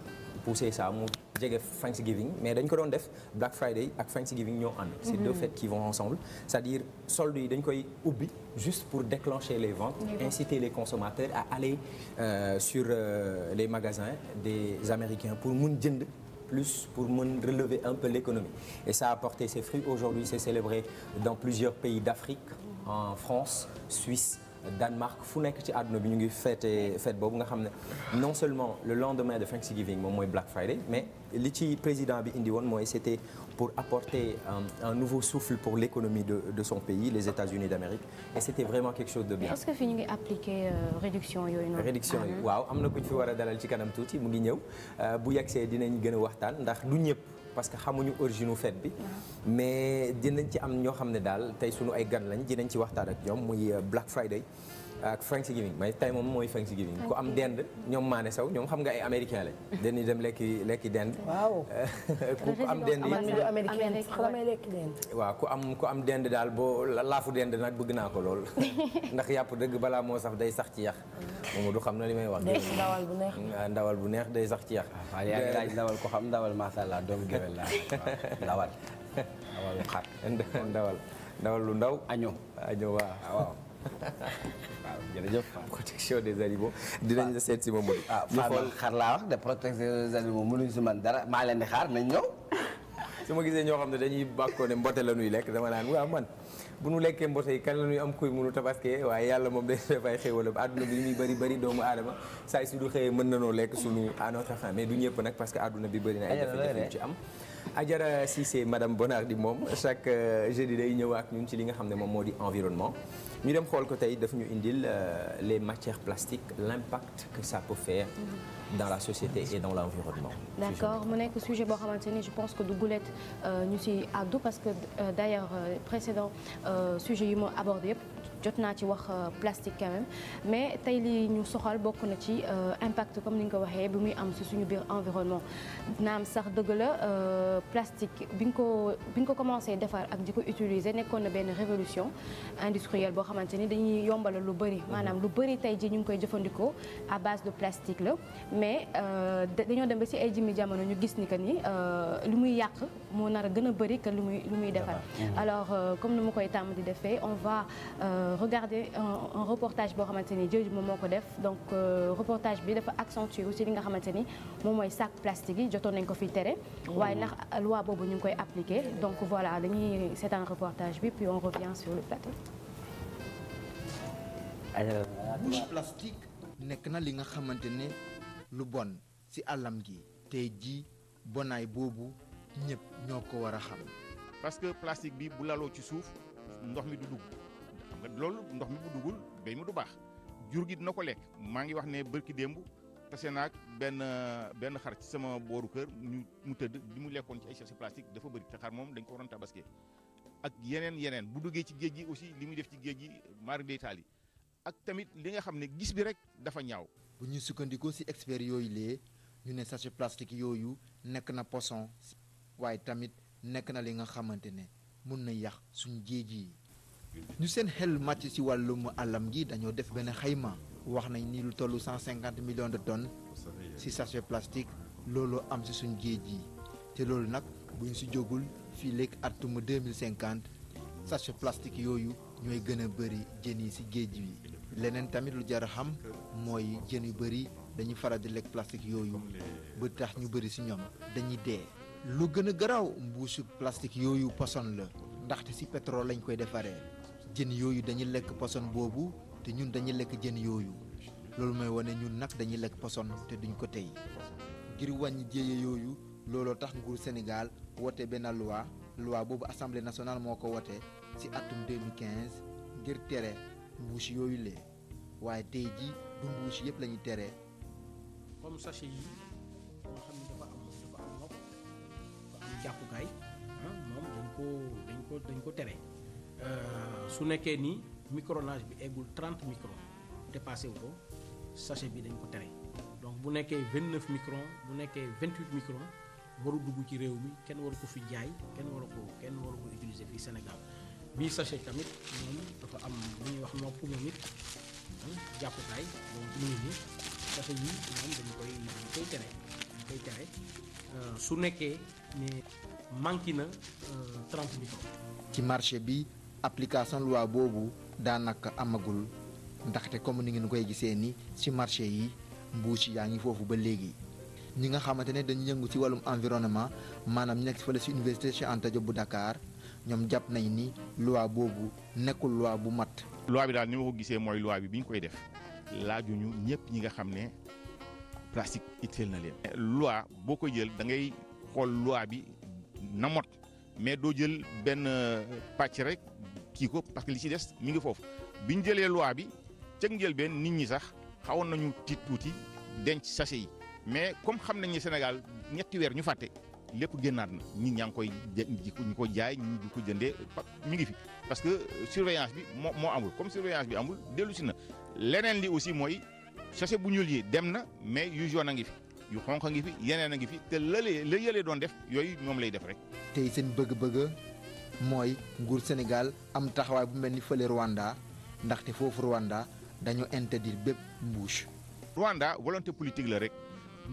pousser ça mu jege Thanksgiving mais dañ ko doon def Black Friday ak Thanksgiving ñoo ànd. c'est deux mhm. fêtes qui vont ensemble c'est-à-dire solde yi dañ koy ubbi juste pour déclencher les ventes. inciter les consommateurs à aller euh, sur euh, les magasins des Américains pour mun jënd. plus pour mën relever un peu l'économie et ça a porté ses fruits aujourd'hui c'est célébré dans plusieurs pays d'Afrique en France Suisse Danemark fu nekk ci àdduna bi ñu ngi fête fête boobu nga xam ne non seulement le lendemain de Thanksgiving moom mooy Black Friday mais li ci président bi indi woon mooy c'était pour apporter un, euh, un nouveau souffle pour l'économie de de son pays les États-Unis d'Amérique et c'était vraiment quelque chose de bien. mais est-ce que fi ñu ngi appliquer euh, réduction yooyu noonu. réduction yi ah, ah. waaw am na ku ñu fi war a dalal ci kanam tuuti mu ngi ñëw euh, bu yegsee dinañ gën a waxtaan ndax du ñëpp. parce que xamuñu origine fête bi. mais dinañ ci am ñoo xam ne daal tey suñu ay gan lañ dinañ ci waxtaan ak ñoom muy euh, Black Friday. ak Thanksgiving may tey moom mooy Thanksgiving ku am dend ñoom maane saw ñoom xam nga ay américain lañ den dem lekki lekki dend waaw ku am dend am dend daal boo laafu dend nag bëgg naa ko lool ndax yàpp dëgg balaa moo sax day sax ci yax moom du xam na li may wax ndawal bu neex ah, ndawal bu neex day sax ci yax ah, waaw yaa ngi ndawal ko xam ndawal masha Allah doomu géwél la ndawal ndawal lu ndaw año año waaw ah, waaw jërëjëf. protection des animaux. dinañ la seet si moom mooy. ah Fane xar laa wax de protection des animaux mënuñ si man dara maa leen di xaar nañ ñëw. su ma gisee ñoo xam ne dañuy bàkkoo ne mbote la nuy lekk dama naan waaw man bu nu lekkee mbote yi kan la nuy am kuy mënu tabaskee waaye yàlla moom day def ay xéwal ba àdduna bi li muy bëri bëri doomu aadama saa su du xëyee mën na noo lekk sunu à notre faim mais du ñëpp nag parce que àdduna bi bëri na ay jafe-jafe ci am a Cissé madame Bonardi moom chaque euh, jeudi day ñëw ak ñun li nga xam ne moom moo di environnement ñu dem xool ko tey daf ñu indil euh, les matières plastiques l'impact que ça peut faire mhm. dans la société et dans l'environnement d'accord mu nekk sujet boo xamante ni je pense que du gulet euh, ñu si àddu parce que euh, d'ailleurs précédent sujet yi ma abordé yëpp jot naa ci wax euh, plastique quand mais tey lii ñu soxal bokk na ci euh, impact comme ni nga ko waxee bi muy am si suñu biir environnement naam sax dëgg la euh, plastique bi nga ko bi nga ko commencé defar ak di ko utiliser nekkoon na benn révolution industrielle boo xamante ni dañuy yombala lu bëri maanaam lu bëri tey ji ñu ngi koy jëfandikoo à base de plastique la mais dañoo dem ba si ay jimmi jamono ñu gis ni que ni li muy yàq moo nar a gën a bëri que lu muy lu muy defar mmh. alors comme ni ma koy tàmm di defee on va regarder un, un reportage boo xamante ni jooju moom moo ko def donc euh, reportage bi dafa accentuer aussi li nga xamante ni moom mooy sac plastique yi jotoo nañ ko fi tere. Oh. waaye ndax loi boobu ñu ngi koy appliquer donc voilà dañuy seetaan reportage bi puis on revient sur le plateau. alors. bouche plastique nekk na li nga xamante ne lu bon ci àllam gi tey ji bonaay boobu ñëpp ñoo ko war a xam. parce que plastique bi bu laloo ci suuf ndox mi du dugg. nga loolu ndox mi bu duggul béy mi du baax jur gi dina ko lekk maa ngi wax ne bërki démb tase nag benn benn xar ci sama booru kër ñu mu tëdd bi mu lekkoon ci ay sachet plastique dafa bëri te moom dañ ko waroon tabaski ak yeneen yeneen bu duggee ci géej gi aussi li muy def ci géej gi mari day taal ak tamit li nga xam ne gis bi rek dafa ñaaw. bu ñuy sukkandikoo ci experts yooyu lee ñu ne sachet plastique yooyu nekk na poson waaye tamit nekk na li nga xamante ne mun na yàq suñu géej yi. ñu seen xel màcc ci wàllum àllam gi dañoo def benn xayma wax nañ ni lu toll 150 millions de tonnes ci sachet plastique looloo am ci suñ géej yi te loolu nag bu ñu ci jógul fii léegi atum 2050 sachet plastique yooyu ñooy gën a bëri jën yi ci géej yi leneen tamit lu jar a xam mooy jën yu bëri dañuy faral di lekk plastique yooyu ba tax ñu bëri ci ñoom dañuy dee. lu gën a garaaw mbuusu plastique yooyu poson la ndaxte ci pétrole lañ koy defaree. jën yooyu dañuy lekk poson boobu te ñun dañuy lekk jën yooyu loolu mooy wane ñun nag dañuy lekk poson te duñ ko tey ngir wàññi jéye yooyu looloo tax nguur Sénégal woote benn loi loi boobu assamble national moo ko woote ci atum 2015 ngir tere mbuus yooyu lee waaye tey ji du mbuus yëpp la ñuy tere comme sachet ko ah, dañ tere Euh, su nekkee ni micronage bi eggul 30 micro dépassé wu ko sachet bi dañ ko tere donc bu nekkee 29 micron bu nekkee 28 micron waru dugg ci réew bi kenn waru ko fi jaay kenn waru ko kenn waru ko utiliser fii Sénégal bii sachet tamit moom dafa am lu ñuy wax noo poumé nit jàppukaay moom mu ngi nii koy tere euh, su nekkee ne manqué na 30 euh, micron ci marché bi application loi boobu daanaka amagul ndaxte comme ni ngeen koy gisee ni ci marché yi mbuus yaa ngi foofu ba léegi. ñi nga xamante ne dañu yëngu ci wàllum environnement maanaam nekk fële ci université Cheikh Anta Diop bu Dakar ñoom jàpp nañ ni loi boobu nekkul loi bu mat. loi bi daal ni ma ko gisee mooy loi bi bi ñu koy def ñu ñëpp ñi nga xam ne plastique itteel na leen. loi boo ko jël da ngay xool loi bi na mot mais doo jël benn pàcc rek kii ko parce que li ci des mu ngi foofu bi ñu jëlee loi bi ca njëlbeen nit ñi sax xawoon nañu tiit tuuti denc sachet yi mais comme xam nañ ne Sénégal ñetti weer ñu fàtte lépp génnaat na nit ñaa ngi koy ñu ko jaay ñi di ko jëndee mi ngi fi parce que surveillance bi moo moo amul comme surveillance bi amul dellu si na leneen li aussi mooy sachet bu ñuul yi dem na mais yu jaune a ngi fi yu xonq ngi fi yeneen a ngi fi te lëlee la yëlee doon def yooyu ñoom lay def rek. tey seen bëgg-bëgg. mooy nguur Sénégal am taxawaay bu mel ni fële Rwanda ndaxte foofu Rwanda dañoo interdire bépp mbuus. Rwanda volonté politique la rek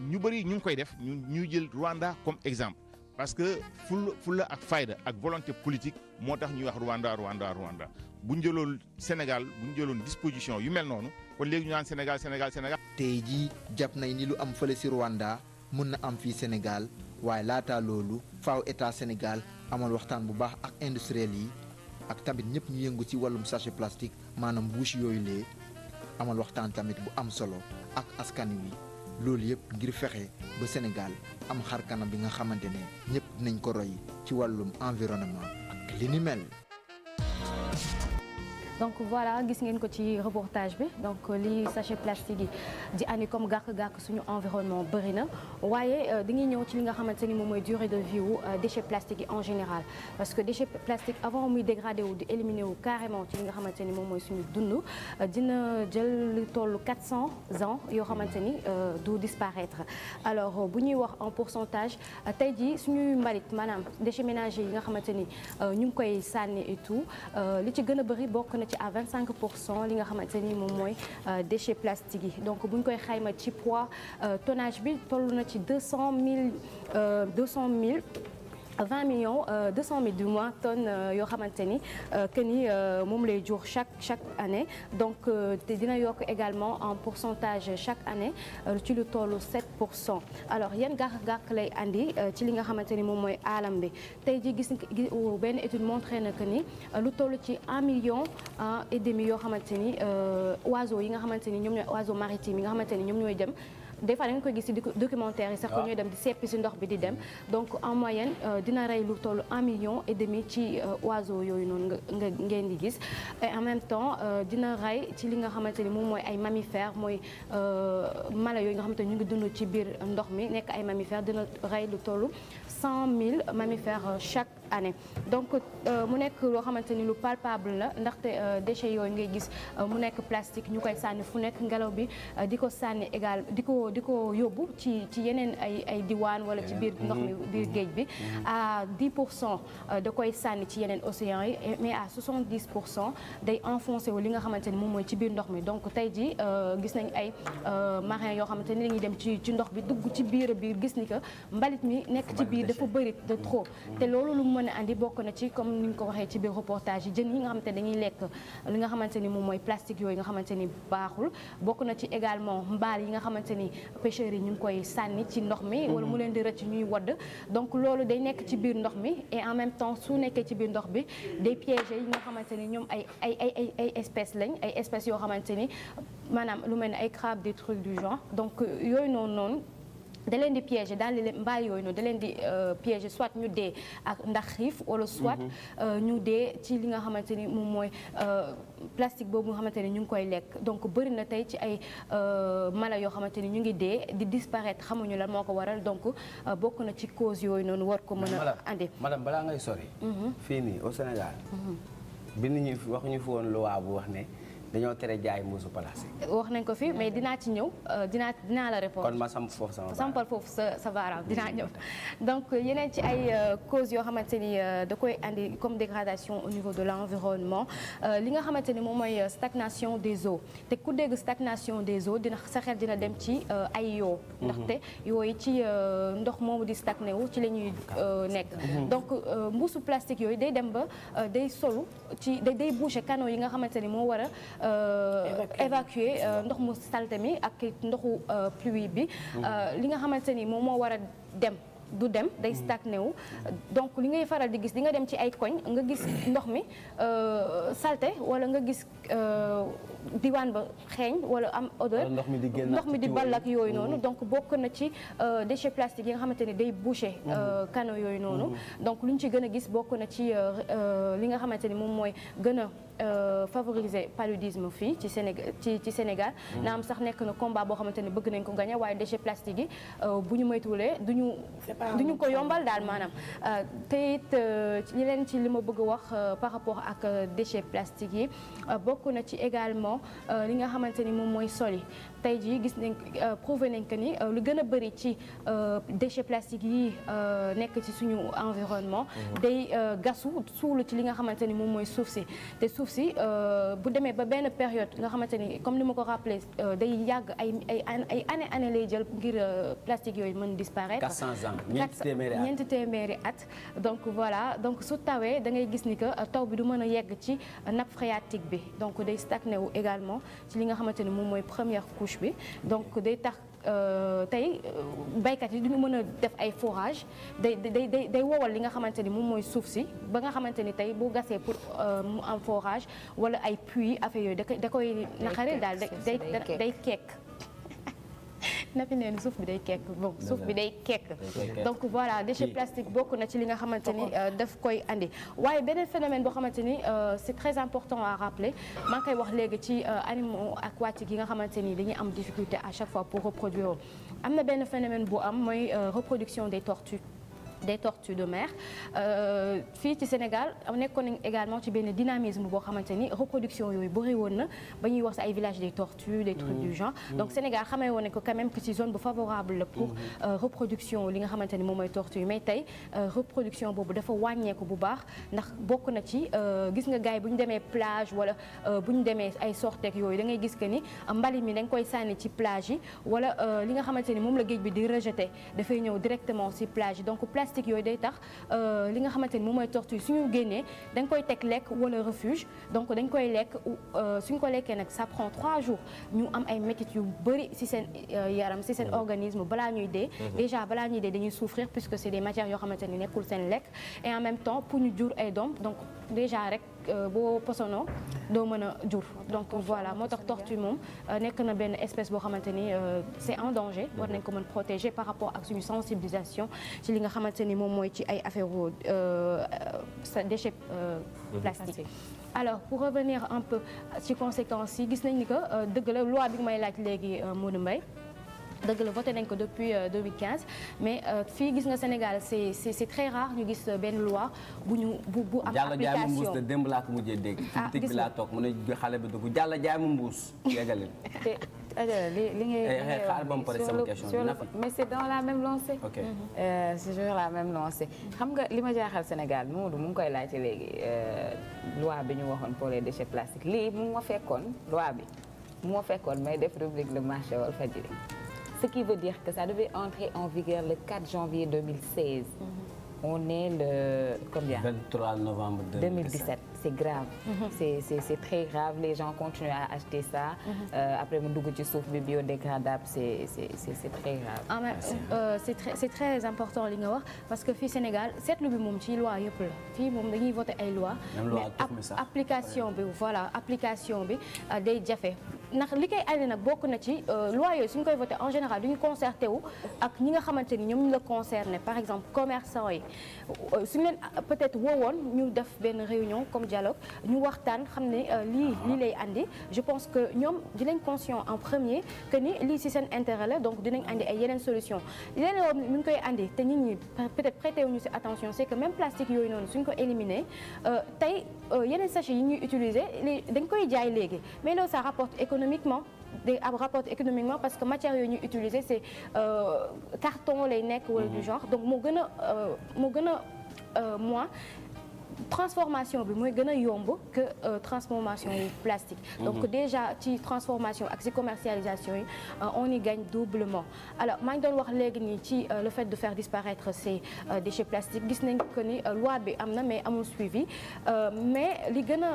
ñu bëri ñu ngi koy def ñu ñu jël Rwanda comme exemple parce que ful fulla ak fayda ak volonté politique moo tax ñuy wax Rwanda Rwanda Rwanda bu ñu jëloon Sénégal bu ñu disposition yu mel noonu kon léegi ñu naan Sénégal Sénégal Sénégal. tey jii jàpp nañ ni lu am fële si Rwanda mën na am fii Sénégal waaye laata loolu faaw état Sénégal. amal waxtaan bu baax ak industriel yi ak tamit ñëpp ñu yëngu ci wàllum sachet plastique maanaam bouche yooyu lee amal waxtaan tamit bu am solo ak askan wi loolu yëpp ngir fexe ba Sénégal am xar kanam bi nga xamante ne ñëpp nañ ko roy ci wàllum environnement ak li ni mel. donc voilà gis ngeen ko ci reportage bi donc li sachet plastique yi di andi comme gàkk-gàkk suñu environnement bëri na waaye euh, dañuy ñëw ci li nga xamante ni moom mooy durée de vie wu euh, général parce que déchet plastique avant muy dégradé wu di éliminé wu carrément ci li nga xamante ni moom mooy suñu dund euh, dina jël lu tollu 400 ans yoo xamante ni du disparaître alors bu ñuy wax en pourcentage tey jii suñuy mbalit maanaam déchets ménagers yi nga xamante ni ñu ngi koy sànni et tout li ci gën a bëri bokk na ci à 25 pour cent li nga xamante ni moom mooy euh, déchets plastiques yi donc bu ñu koy xayma ci poids euh, tonnage bi toll na ci 200 000 200 000 vingt millions euh, deux cent mille du moins tonnes euh, yoo xamante ni euh, que ni moom lay jur chaque chaque année donc te dina yokk également en pourcentage chaque année ci lu tollu 7 pour cent alors yan gàkk-gàkk lay andi ci li nga xamante ni moom mooy aalam bi tey ji gis benn étude montré na que ni lu toll ci un million et demi yoo xamante ni oiseaux yi nga xamante ni ñoom ñooy oiseaux maritimes yi nga xamante ni ñoom ñooy dem des fois da nga koy gis ci documentaire yi sax ko ah. ñooy dem di seppi ci ndox bi di dem hmm. donc en moyenne euh, dina rey lu toll un million et demi ci euh, oiseaux yooyu noonu nga ngeen di gis et en même temps euh, dina rey ci li nga xamante ni moom mooy ay mammifères mooy mala yooyu nga xamante ni ñu ngi dund ci biir ndox mi nekk ay mammifères dina rey lu toll cent mille mammifères chaque année donc euh, mu nekk loo xamante ni lu palpable la ndaxte euh, déchets yooyu ngay gis euh, mu nekk plastique ñu koy sànni fu nekk ngelaw bi di ko sànni égal di ko di ko yóbbu ci ci yeneen ay ay diwaan wala ci biir ndox mi biir géej bi mm-hmm. Mm-hmm. à 10 pour da koy sànni ci yeneen océans yi mais à 70 pour cent day enfoncé wu li nga xamante ni moom mooy ci biir ndox mi donc tey ji gis nañ ay marins yoo xamante ni dañuy dem ci ci ndox bi dugg ci biir biir gis ni ko mbalit mi nekk ci biir dafa bëri de trop mm-hmm. te loolu mën a andi bokk na ci comme ni ñu ko waxee ci biir reportage yi jën yi nga xamante dañuy lekk li nga xamante ni mooy plastique yooyu nga xamante baaxul bokk na ci également mbaal yi nga xamante ni pêcheurs yi ñu koy sànni ci ndox mi wala mu mhm. leen di rëcc ñuy wadd donc loolu day nekk ci biir ndox mi et en même temps su nekkee ci biir ndox bi day piégé yi nga xamante ni ñoom ay ay ay ay espèces lañ ay espèce yoo xamante ni maanaam lu mel ni ay crabe des trucs da leen di piéger daal di leen mbaal yooyu noonu da di euh, piéger soit ñu dee ak ndax xiif wala soit mhm. euh, ñu dee ci li nga xamante ni moom mooy euh, plastique boobu nga xamante ni ñu ngi koy lekk donc bëri na tey ci ay mala yoo xamante ni ñu ngi dee di disparaître xamuñu lan moo ko waral donc bokk na ci cause yooyu noonu war ko mën a andi madame balaa ngay sori mhm. fii nii au Sénégal mhm. bi nit ñi waxuñu fi woon loi bu wax ne dañoo tere jaay muusu palaas wax nañ ko fi mais dinaa ci ñëw euh, dinaa dinaa la répondre kon ma samp foofu sama foofu sa sa baaraam dinaa ñëw donc euh, yeneen ci ay euh, causes yoo xamante ni da koy andi comme dégradation au niveau de l'environnement li nga xamante ni moom mooy stagnation des eaux te ku dégg stagnation des eaux dina sa xel dina dem ci ay yoo mhm. ndaxte yooyu ci ndox moom di stagné wu ci la ñuy nekk mhm. donc mbuusu plastique yooyu day dem ba day solu ci day boucher canaux yi nga xamante ni moo war Euh, évacuer euh, ndox mu salte mi ak ndoxu euh, pluie bi mmh. li nga xamante ni moom moo war a dem du dem day mmh. stagné wu donc li ngay faral di gis di nga dem ci ay koñ nga gis ndox mi salte wala nga gis diwaan ba xeeñ wala am odeur ndox mi di ball ak yooyu noonu mmh. donc bokk na ci déchets plastiques yi nga xamante ni day boucher canaux yooyu noonu donc lu ñu ci gën a gis bokk na ci li nga xamante ni moom mooy gën a Euh, favoriser paludisme fii ci Sénégal ci ci Sénégal mm. na am sax nekk na combat boo xamante ne bëgg nañ ko gagné waaye déchet plastique yi euh, bu ñu moytuwulee du ñu ko yombal daal maanaam euh, te it li leen ci li ma bëgg wax par rapport ak déchet plastique yi bokk na ci également li nga xamante ni moom mooy soli tey jii gis nañ euh, prouvé nañ que ni euh, lu gën a bëri ci euh, déchets plastiques yi nekk ci suñu environnement. Mhm. day gasu suulu ci li nga xamante ni moom mooy suuf si te suuf si bu demee ba benn période nga xamante ni comme ni ma ko rappelé day yàgg ay ay ay année année lay jël ngir plastique yooyu mën disparaître. 400 ans ñeenti téeméeri at ñeenti téeméeri at donc voilà donc su tawee da ngay gis ni que taw bi du mën a yegg ci nappe phréatique bi donc day stagné wu également ci li nga xamante ni moom mooy première couche. couche donc day tax euh, tey euh, baykat yi duñu mën a def ay forage day day day day wowal li nga xamante ni moom mooy suuf si ba nga xamante ni tey boo gasee pour euh, mu am forage wala ay puits affaire yooyu da koy da koy naqare daal day day kekk nafi nee ni suuf bi day kekk suuf bi day kekk donc voilà déchet plastique bokk na ci li nga xamante ni euh, daf koy andi waaye beneen phénomène boo xamante ni euh, c'est très important à rappeler maa ngi koy wax léegi ci euh, animaux aquatiques yi nga xamante ni dañuy am difficulté à chaque fois pour reproduire am na benn phénomène bu am mooy reproduction des tortues des tortues de mer euh, fii ci Sénégal nekkoon nañ également ci benn dynamisme boo xamante ni reproduction yooyu bëri woon na ba ñuy wax ay villages des tortues des trucs mmh. du genre mmh. donc Sénégal xamee woon ne ko quand même que ci zone bu favorable la pour mmh. euh, reproduction li nga xamante ni moom mooy tortues yi mais tey euh, reproduction boobu dafa wàññeeku bu baax ndax bokk na ci gis nga gars yi bu ñu demee plage wala bu ñu demee ay sorteek yooyu da ngay gis que ni mbali mi dañ koy sànni ci plage yi wala li nga xamante ni moom la géej bi di rejeté dafay ñëw directement si plastique yooyu day tax euh, li nga xamante ni moom mooy tortue suñu génnee dañ koy teg lekk wala refuge donc dañ koy lekk euh, suñ ko lekkee nag ça prend trois jours ñu am ay métit yu bëri si seen euh, yaram ci seen mm-hmm. organisme balaa ñuy dee mm-hmm. déjà balaa ñuy dee dañuy souffrir puisque c'est des matières yoo xamante ni nekkul seen lekk et en même temps pour ñu jur ay doom donc déjà rek Euh, boo posonoo doo mën a jur donc voilà moo tax tortue moom euh, nekk na benn espèce boo xamante ni euh, c'est en danger mhm. war nañ ko mën protéger par rapport ak suñu sensibilisation ci li nga xamante ni moom mooy ci ay affaire sa déchet mhm. plastique alors pour revenir un peu ci conséquences yi gis nañ ni que dëgg la loi bi may laaj léegi Modou mbay dëgg la voté nañ ko depuis 2015 euh, mais euh, fii gis nga Sénégal c'est c'est c'est très rare ñu gis euh, benn loi bu ñu bu bu am application Diallo Ndiaye mu mbuus laa ko mujjee dégg. ah gis nga bi laa toog mu ne xale bi dugg Diallo Ndiaye mu mbuus yegale. te li li ngay eh, eh, xaar ba mu pare sama question mais c'est dans la même lancée. ok c'est la même lancée. xam nga li ma jaaxal Sénégal Maodo mu ngi koy laajte léegi loi bi ñu waxoon pour les déchets plastiques lii mu ma fekkoon loi bi mu ma fekkoon may def rubrique le marché ce qui veut dire que ça devait entrer en vigueur le 4 janvier 2016. Mm-hmm. on est le combien 23 novembre 2017 c'est grave mm-hmm. c'est c'est c'est très grave les gens continuent à acheter ça mm-hmm. euh, après mu dugg ci suuf bi biodégradable c'est c'est c'est très grave ah, euh, euh, c'est très important li nga wax parce que fii Sénégal seetlu bi moom ci loi yëpp la fii moom dañuy voter ay loi mais application bi voilà application bi euh, day jafe ndax li koy andi nag bokk na ci euh, loi yooyu suñ koy voté en général du ñu concerté wu ak ñi nga xamante ni ñoom la concerné par exemple commerçant yi euh, suñ leen euh, peut-être woowoon ñu def benn réunion comme dialogue ñu waxtaan xam ne lii lii lay andi je pense que ñoom di dinañ conscient en premier que ni lii si seen intérêt la donc dinañ andi ay yeneen solution yeneen woon mi ngi koy andi te nit ñi peut-être prêté wuñu ci attention c'est que même plastique yooyu noonu suñ ko éliminé tey yeneen sachet yi ñuy utiliser dañ koy jaay léegi économiquement day am rapport économiquement parce que matière yooyu ñuy utiliser c'est euh, carton lay nekk wala du mhm. genre donc moo gën a euh, moo gën a euh, moins transformation bi mooy gën a yomb que euh, transformation plastique mhm. donc déjà ci transformation ak si commercialisation yi euh, on y gagne doublement alors maa ngi doon wax léegi nii ci euh, le fait de faire disparaître ces déchets plastiques gis nañ ko ni loi bi am na mais amul suivi mais li gën a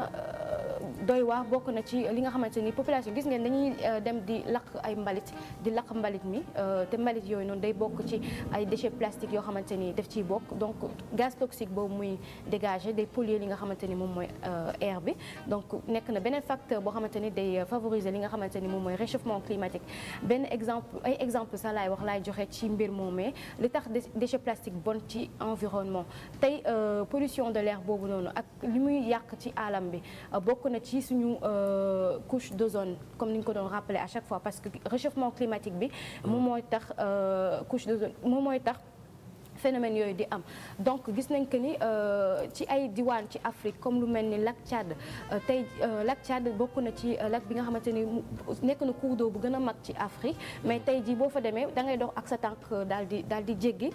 doy waar bokk na ci li nga xamante ni population gis ngeen dañuy dem di lakk ay mbalit di lakk mbalit mi te mbalit yooyu noonu day bokk ci ay déchets plastiques yoo xamante ni daf ciy bokk donc gaz toxique boobu muy dégager day polluer li nga xamante ni moom mooy euh, air bi donc nekk na beneen facteur boo xamante ni day euh, favoriser li nga xamante ni moom mooy réchauffement climatique benn exemple exemple sax laay wax laay joxe ci mbir moomee li tax déchet plastique bon ci environnement tey euh, pollution de l'air boobu noonu ak li muy yàq ci alam bi bokk na ci suñu couche zone comme ni ñu ko doon rappeler à chaque fois parce que réchauffement climatique bi moom mooy tax couche d'ozone moom mooy tax phénomène yooyu di am donc gis nañ que ni euh, ci ay diwaan ci Afrique comme lu mel ni lac càdd euh, tey euh, lac càdd bokk na ci lac bi nga xamante ni nekk na cours bu gën a mag ci Afrique mais tey jii boo fa demee dangay dox ak sa tànk daal di daal di jéggi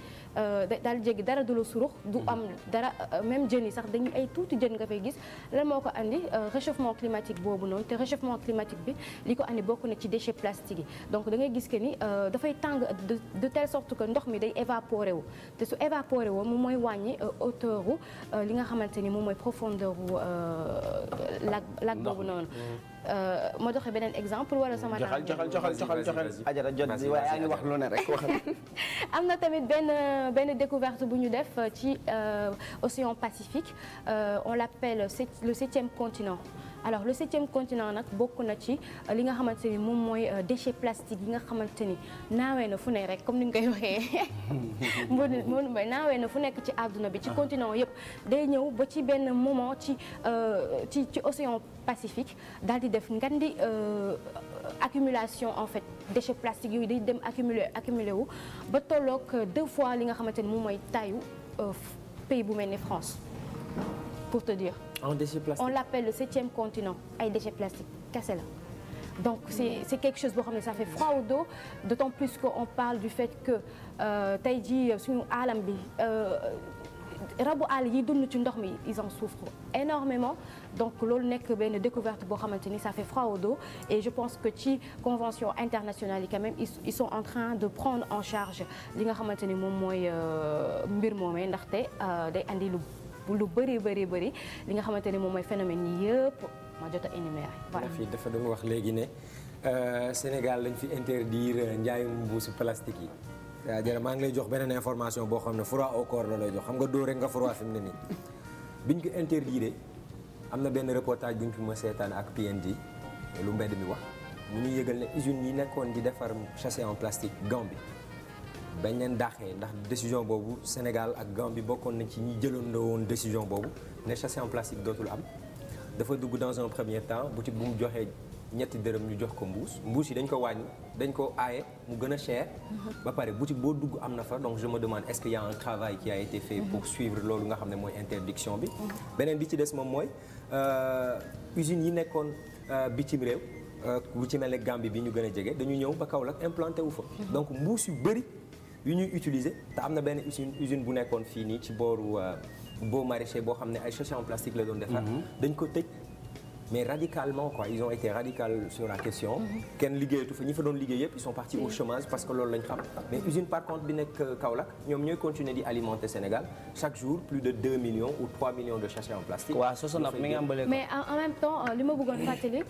daal di dara du la surux du hmm. am dara même jën yi sax dañuy ay tuuti jën nga fay gis lan moo ko andi réchauffement climatique boobu noonu te réchauffement climatique bi li ko andi bokk na ci déchets plastiques yi donc danga ngay que ni dafay tàng de telle sorte que ndox mi day évaporer wu te su évaporé woo moom mooy wàññi euh, hauteur u euh, li nga xamante ni moom mooy profondeur u euh, lac lac boobu noonu. Mm-hmm. ma joxe beneen exemple wala sama. jaxal jaxal jaxal jaxal jaxal ajara jot si waaye yaa ngi wax lu ne rek waxal. am na tamit benn benn découverte bu ñu def ci océan Pacifique on l'appelle le septième continent. alors le septième continent nag bokk na ci euh, li nga xamante ni moom mooy euh, déchet plastique yi nga xamante ni naawee na fu ne rek comme ni nga koy waxee naawee na fu nekk ci àdduna bi ci ah. continent yëpp day ñëw ba ci benn moment ci euh, ci ci océan Pacifique daal di def ngan ngandi accumulation en fait déchet plastique yooyu day dem accumuler accumuler wu ba tolloog deux fois li nga xamante ni moom mooy tayu pays bu mel ni France pour te dire en déchets plastiques on l'appelle le septième continent ay déchets plastiques kese la. donc c'est mm. c'est quelque chose boo xam ne ça fait froid au dos d'autant plus qu'on parle du fait que euh, tey jii euh, suñu alam bi euh, rabu àll yi dund ci ndox mi ils en souffrent énormément donc loolu nekk benn découverte boo xamante ni ça fait froid au dos et je pense que ci convention internationale yi quand même ils sont en train de prendre en charge li nga xamante ni moom mooy mbir moomee ndaxte day andi lu lu bëri bëri bëri li nga xamante ni moom mooy phénomène yi yëpp ma jot a énuméré voilà fii dafa doon wax léegi ne euh, Sénégal lañ fi interdire njaayum si plastique yi waaw jërëjëf maa ngi lay jox beneen information boo xam ne froid au corps la lay jox xam nga dóor rek nga froid fi mu ne nii biñ ko interdire am na benn reportage buñ fi ma seetaan ak PND lu mbedd mi wax mu ñuy yëgal ne usines yi nekkoon di defar sachet en plastique Gambie bañ leen daaxee ndax décision boobu Sénégal ak Gambie bokkoon nañ ci ñi jëlandoo woon décision boobu ne châssis dootul am dafa dugg dans un premier temps boutique bu mu joxee ñetti dërëm ñu jox ko mbuus mbuus yi dañ ko wàññi dañ ko aaye mu gën a cher ba pare boutique boo dugg am na fa donc je me demande est-ce a un travail a été fait loolu nga xam ne bi beneen bi ci des moom mooy euh, usines yi nekkoon euh, bitim réew bu euh, ci mel ne Gambie bi ñu gën a jege dañu ñëw ba Kaolack implanté wu fa donc mbuus yu bëri yu ñuy utiliser te am na benn usine usine bu nekkoon fii nii ci booru euh, Beaux Maraîchers boo xam ne ay sachets en plastique la doon defar mhm. dañ ko tëj mais radicalement quoi ils ont été radicaux sur la question mhm. kenn liggéeyatu fa ñi fa doon liggéey yëpp ils sont partis au chômage parce que loolu lañ xam mais usine par contre bi nekk euh, Kaolack ñoom ñooy continuer di alimenter Sénégal chaque jour plus de 2 millions ou 3 millions de sachets en plastique waaw Sosonap mi ngi ambalee mais en même temps euh, li ma bëggoon fàttali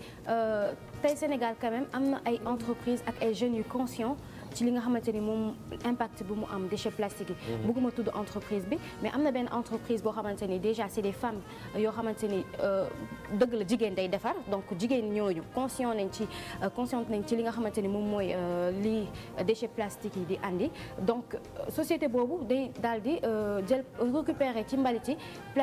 tey Sénégal quand même am na ay entreprises ak ay jeunes yu conscients ci li nga xamante ni moom impact bu mu am déchet plastique yi mhm. bëgguma tudd entreprise bi mais am na benn entreprise boo xamante ni déjà c'est des femmes yoo xamante ni euh, dëgg la jigéen day defar donc jigéen ñooñu conscient nañ ci euh, consciente nañ ci li nga xamante ni moom mooy euh, li déchet plastique yi di andi donc société boobu day daal di jël récupérer ci mbalit yi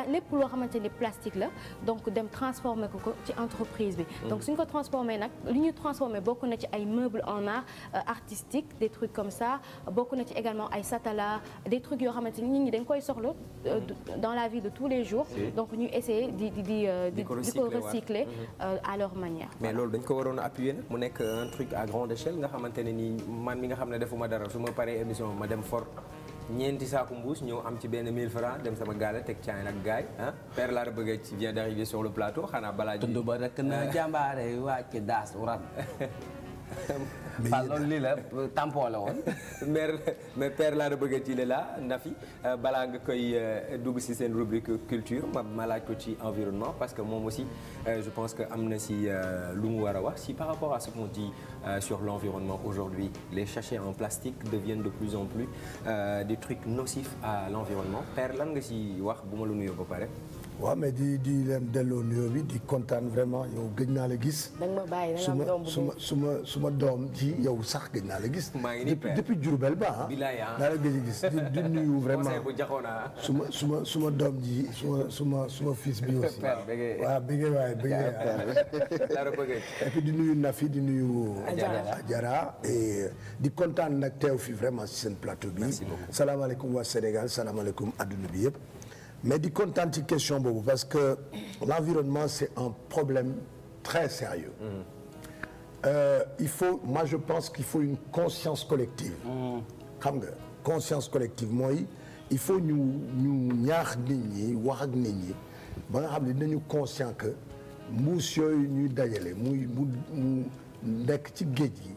lépp loo xamante ni plastique la donc dem transformer ko ko ci entreprise bi mhm. donc suñ ko transformer nag li ñu transformer bokk na ci ay meubles en art artistique des trucs comme ça bokk na ci également ay satala des trucs xamante ni nit ñi dañ koy soxla euh, dans la vie de tous les jours donc ñu essayer di di di euh, di ko recycler mhm. euh, à leur manière mais loolu dañ ko waroon a appuyer nag mu nekk un truc à grande échelle nga xamante ne nii man mi nga xam ne defuma dara su ma paree émission ma dem fort ñeenti saaku mbuus ñëw am ci benn 1000 francs dem sama gaale teg caa nag gaay ah Père Lara Bëgg ci vient d'arriver sur le plateau xanaa balaa. tund ba rek na jàmbaare wàcc daas uran waaw lii la tampon la woon. mère mais père laa la bëgg a jëlee la Nafi euh, balaa nga koy euh, dugg si seen rubrique culture ma ma ko ci environnement parce que moom aussi euh, je pense que am na si lu mu war a wax si par rapport à ce qu'on dit sur l'environnement aujourd'hui les sachets en plastique deviennent de plus en plus des trucs nocifs à l'environnement père lan nga si wax bu ma la ba pare. waaw mais di di leen delloo nuyoo bi di kontaan vraiment yow gëj naa la gis. da nga ma bàyyi su ma doom ji yow sax gëj naa la gis. maa ngi nii père depuis Diourbel ba ah. naa ah. gëj a gis di di nuyu vraiment su ma su ma su ma doom ji su ma su ma su ma fils bi aussi. waaw bi nga waaye bi di nuyu Nafi di nuyu. Ajara et di kontaan nag teew fi vraiment si seen plateau bi. merci beaucoup salaamaaleykum waa Sénégal salaamaaleykum adduna bi yëpp. mais di kontaan ci question boobu parce que l'environnement c'est un problème très sérieux mm. euh, il faut moi je pense qu'il faut une conscience collective mm. xam nga conscience collective mooy il faut ñu ñu ñaax nit ñi wax ak nit ñi ba nga xam ne dinañu conscient que mbuus yooyu ñuy dajale muy mu mu nekk ci géej gi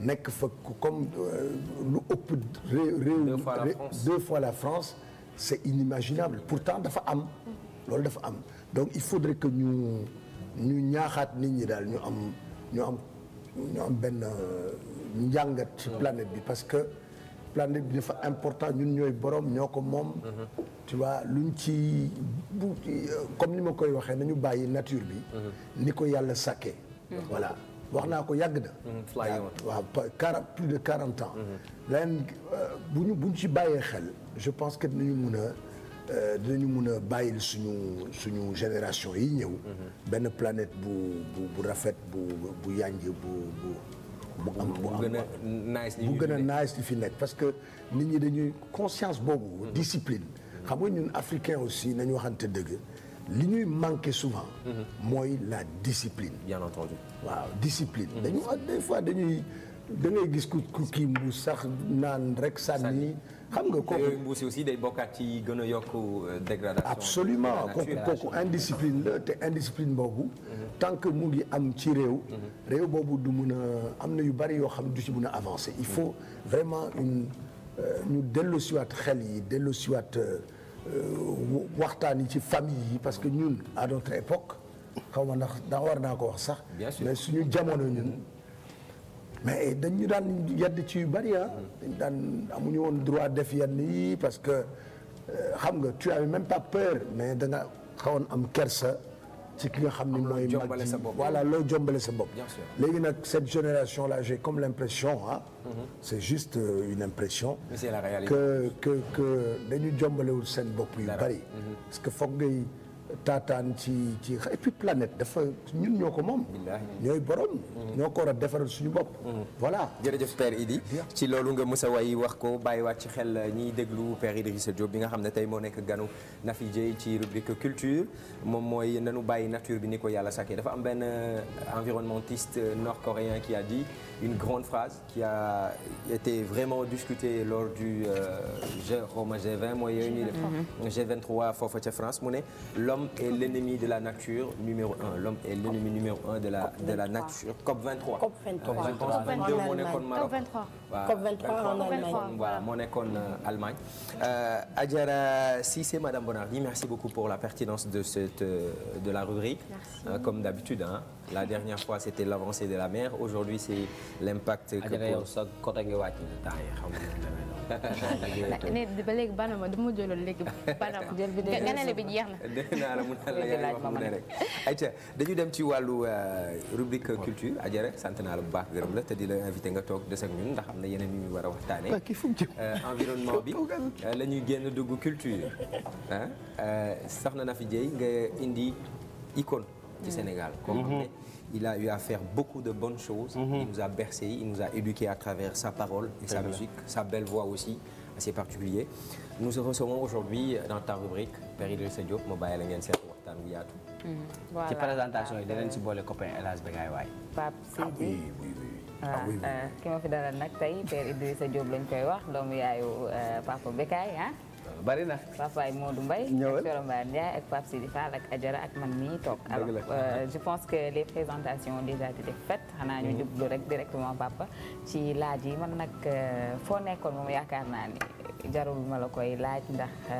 nekk fa comme euh, lu ëpp réew deux fois la France c'est inimaginable pourtant dafa am loolu dafa am donc il faudrait que ñu ñu ñaaxaat nit ñi daal ñu am ñu am ñu am benn euh, njàngat ci bi parce que planète bi dafa important ñun ñooy borom ñoo ko moom mm-hmm. tu vois luñ ci euh, comme ni ma koy waxee na ñu bàyyi nature bi mm-hmm. ni ko yàlla sàkkee mm-hmm. voilà wax naa ko yàgg na. Mm-hmm, waaw quarante plus de quarante ans. leneen mm-hmm. euh, bu ñu bu ñu ci bàyyee xel je pense que dinañu mun a euh, dinañu mun a bàyyil suñu suñu génération yi ñëw. Mm-hmm. benn planète bu bu rafet bu bu yànj bu bu. bu am am gën a nice gën a nice li fi nekk parce que nit ñi dañuy conscience boobu. discipline. xam nga ñun africain aussi nañu waxante dëgg li ñuy manqué souvent. mooy la discipline. bien entendu. waaw discipline. Mm. dañu des fois dañuy da ngay gis ku kii mbuus sax naan rek sànni. xam nga kooku yooyu aussi day bokkaat ci gën yokk euh, dégradation. absolument kooku kooku indiscipline la te indiscipline boobu. Mm-hmm. tant que mu ngi am ci réew. Mm-hmm. réew boobu du mun a am na yu bari yoo xam du ci mun a avancer. il faut mm-hmm. vraiment une euh, ñu dellu siwaat xel yi dellu siwaat euh, waxtaan yi ci famille yi parce que ñun à notre époque. xaw ma ndax daa war naa ko wax sax. mais suñu jamono ñun. mais dañu daan yedd ci yu bari ah. Hmm. dañu daan amuñu woon droit def yenn yi parce que euh, xam nga tu avais même pas peur mais da nga xawoon am kersa. ci ki nga xam ni mooy mag sa bopp voilà loo jombale sa bopp. léegi nag cette génération là j'ai comme l'impression ah. Mm -hmm. c'est juste euh, une impression. Mais c'est la réalité. que que que dañu jombalewul seen bopp yu bari. Mm-hmm. parce que foog ngay. taataan ci ci et puis planète dafa ñun ñoo ko moom. ñooy borom. Mm-hmm. ñoo ko war a defaral suñu bopp. Mm-hmm. voilà jërëjëf Père Idi ci loolu nga mës a wax ko bàyyiwaat ci xel ñiy déglu Père Idrissa Diop bi nga xam ne tey moo nekk ganu Nafi Dieye ci rubrique culture moom mooy nanu bàyyi nature bi ni ko yàlla sàkkee dafa am benn euh, environnementiste nord-coréen qui a dit une grande phrase qui a été vraiment discutée lors du euh, G xaw ma G20 mooy yooyu g mm-hmm. foofa ca France mu ne. l'homme est l'ennemi de la nature numéro un l'homme de la de la nature COP 23 en Allemagne voilà moo nekkoon euh, Allemagne. Euh, Adjara Cissé madame Bonardi merci beaucoup pour la pertinence de cette euh, de la rubrique. comme d'habitude hein la dernière fois c'était l'avancée de la mer aujourd'hui c'est l'impact. que pour sa côté nga wàcc ne ba léegi bana ma dama jëloon léegi bana ma jeex na def naa la mun na la rek ayca dañu dem ci wàllu rubrique culture Adjara sant naa la bu baax gërëm la te di la invité nga toog des am na yeneen yu ñu war a waxtaane euh, environnement bi euh, la ñuy génn dugg culture ah euh, Soxna Nafi Dieye nga indi icône ci Sénégal mm-hmm. koo xam ne il a eu à beaucoup de bonnes choses mm-hmm. il nous a bercé il nous a éduqué à travers sa parole et sa musique sa belle voix aussi assez particulier nous recevons aujourd'hui dans ta rubrique Père Idrissa Diop ma bàyyi la ngeen seet waxtaan wu yaatu mm-hmm. ci présentation i danañ si boole copain El Hadj Begaay Waay waaw ah, ah, ah, ki ma fi dalal nag tey Père Idrissa lañ koy wax doomu yaayu papa Bekaay ah. bari na papaay Modou Mbaye ak Soro Mbaye Ndiaye ak Sidi Fall ak Adjara ak man mii toog alors euh, je pense que les présentations ont déjà été faites xanaa ñu mhm. jublu rek directement papa ci laaj yi man nag euh, foo nekkoon moom yaakaar naa ni jarul ma la koy laaj ndax euh,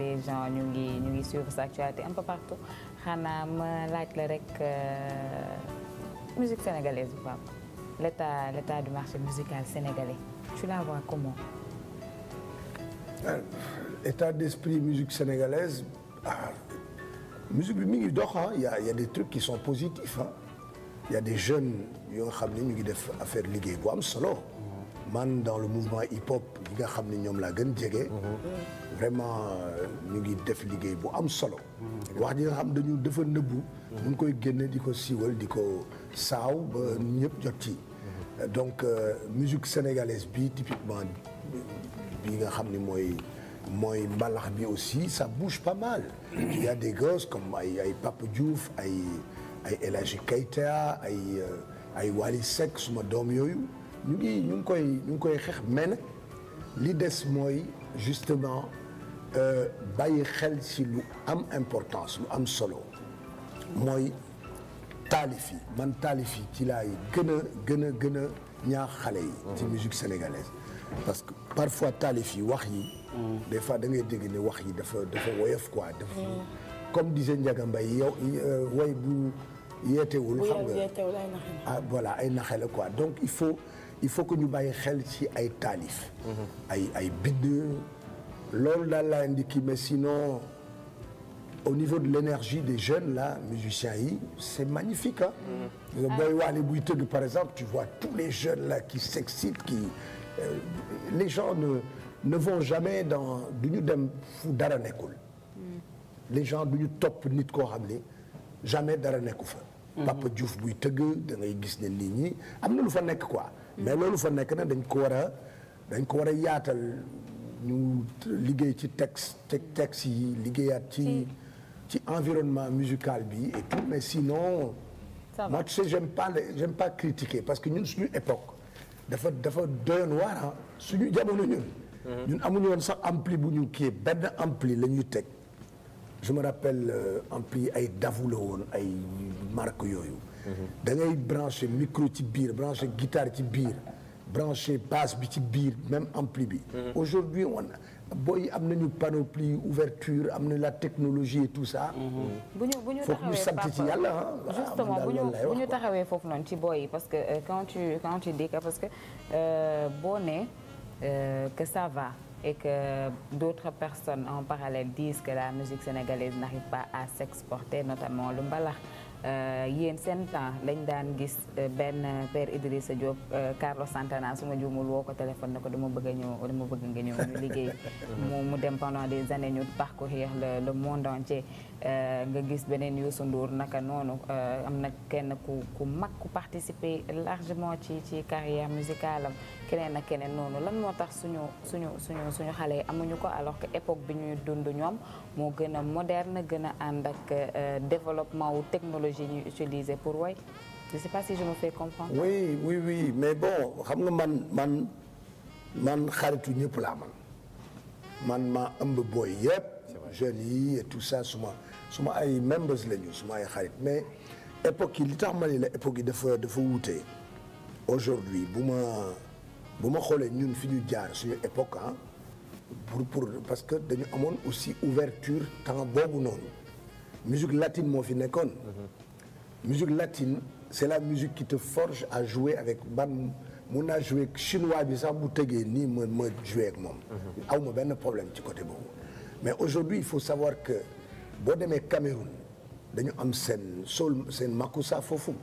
les gens ñu ngi ñu ngi suivre sa actualité un peu partout xanaa ma laaj la rek musique sénégalaise bu papa l'état l'état du marché musical sénégalais tu la vois comment euh, état d'esprit musique sénégalaise ah, musique bi mi ngi dox ah y a y a des trucs qui sont positifs ah y a des jeunes yoo nga xam ne ñu ngi def affaire liggéey bu am solo man dans le mouvement hip hop yi nga xam ne ñoom laa gën jege. vraiment ñu ngi def liggéey bu am solo. wax ji nga xam dañu dafa nëbbu. ñu ngi koy génne di ko siiwal di ko saaw ba ñëpp jot ci. donc euh, musique sénégalaise bi typiquement bi nga xam ni mooy mooy mbalax bi aussi sa bouge pas mal. il y de des comme ay ay Pape Diouf ay ay El Hadji ay euh, ay Wally Seck suma doom yooyu ñu ngi koy ñu ngi koy xeex mais nag li des mooy justement euh, bàyyi xel si lu am importance lu am solo taalif yi man taalif yi ci lay gën a gën a gën a ñaax xale yi ci mm-hmm. musique sénégalaise parce que parfois taalif yi wax yi mm-hmm. des fois da ngay dégg ne wax yi dafa dafa woyof quoi dafa mm-hmm. comme disait Ndiaga Mbaye yow euh, way bu yeetewul xam nga ah voilà ay naxel la quoi donc il faut il faut que ñu bàyyi xel ci ay taalif ay ay bind loolu daal laa indi kii mais sinon au niveau de l'énergie des jeunes là musiciens yi c'est magnifique ah. booy waale buy tëgg par exemple tu vois tous les jeunes là qui s'excitent qui euh, les gens ne ne vont jamais dans du ñu dem fu dara nekkul. Mm. les gens du ñu topp nit koo xam ne jamais dara nekku fa. Mm-hmm. Papa Diouf buy tëgg da ngay gis ne nit ñi am na lu fa nekk quoi. Mm. mais loolu fa nekk na dañ ko war a dañ ko war a yaatal ñu liggéey ci texte texte yi liggéeyaat ci. ci environnement musical bi et tout mais sinon. ça va moi tu sais j'aime pas j'aime pas critiquer parce que ñun suñu époque dafa dafa doyoon waar ah. suñu jamono ñun. Mhm. ñun amuñu woon sax ampli bu ñu kii benn ampli la ñuy teg. je me rappelle euh, ampli ay dafu la woon ay marque yooyu. Mhm. da ngay branché micro ci biir branché guitare ci biir branché basse bi ci biir même ampli bi. Mhm. aujourd'hui on booy am nañu panoplie ouverture am na la technologie et tout ça. bu ñu bu ñu taxawee sant ci ah, ah, ñu taxawee foofu noonu ci booy yi parce que euh, quand tu quand tu que parce que euh, boo nee euh, que ça va. et que d'autres personnes en parallèle disent que la musique sénégalaise n'arrive pas à s'exporter notamment le mbalax Euh, yéen seen temps lañ daan gis euh, benn euh, père Idrissa Diop Carlos Santana su ma juumul woo ko téléphone ne ko dama bëgg a ñëw dama bëgg nga ñëw ñu liggéey. mu mu dem pendant des années ñu parcourir le le monde entier. Euh, nga gis beneen Youssou Ndour naka noonu euh, am na kenn ku ku mag ku participer largement ci ci carrière musicale am keneen na keneen noonu lan moo tax suñu suñu suñu suñu xale yi amuñu ko alors que époque bi ñuy dund ñoom moo gën a moderne gën a ànd ak euh, développement wu technologie ñuy utiliser pour woy je sais pas si je me fais comprendre. oui oui oui mais bon xam nga man man man xaritu ñëpp laa man man maa ëmb booy yëpp. jeunes yi et tout ça suma ay members la ñu suma ay xarit mais époque yi li tax ma la époque yi dafa dafa wuute aujourd'hui bu ma bu ma xoolee ñun fi ñu jaar suñu époque ah pour pour parce que dañu amoon aussi ouverture temps boobu noonu musique latine moo fi nekkoon mm-hmm. musique latine c'est la musique qui te forge à jouer avec ban mun naa jouer chinois bi sax bu tëgee nii ma ma jouer moom mm-hmm. aw ma benn problème ci côté boobu mais aujourd'hui il faut savoir que boo demee Cameroun dañu am seen sol seen makusa foofu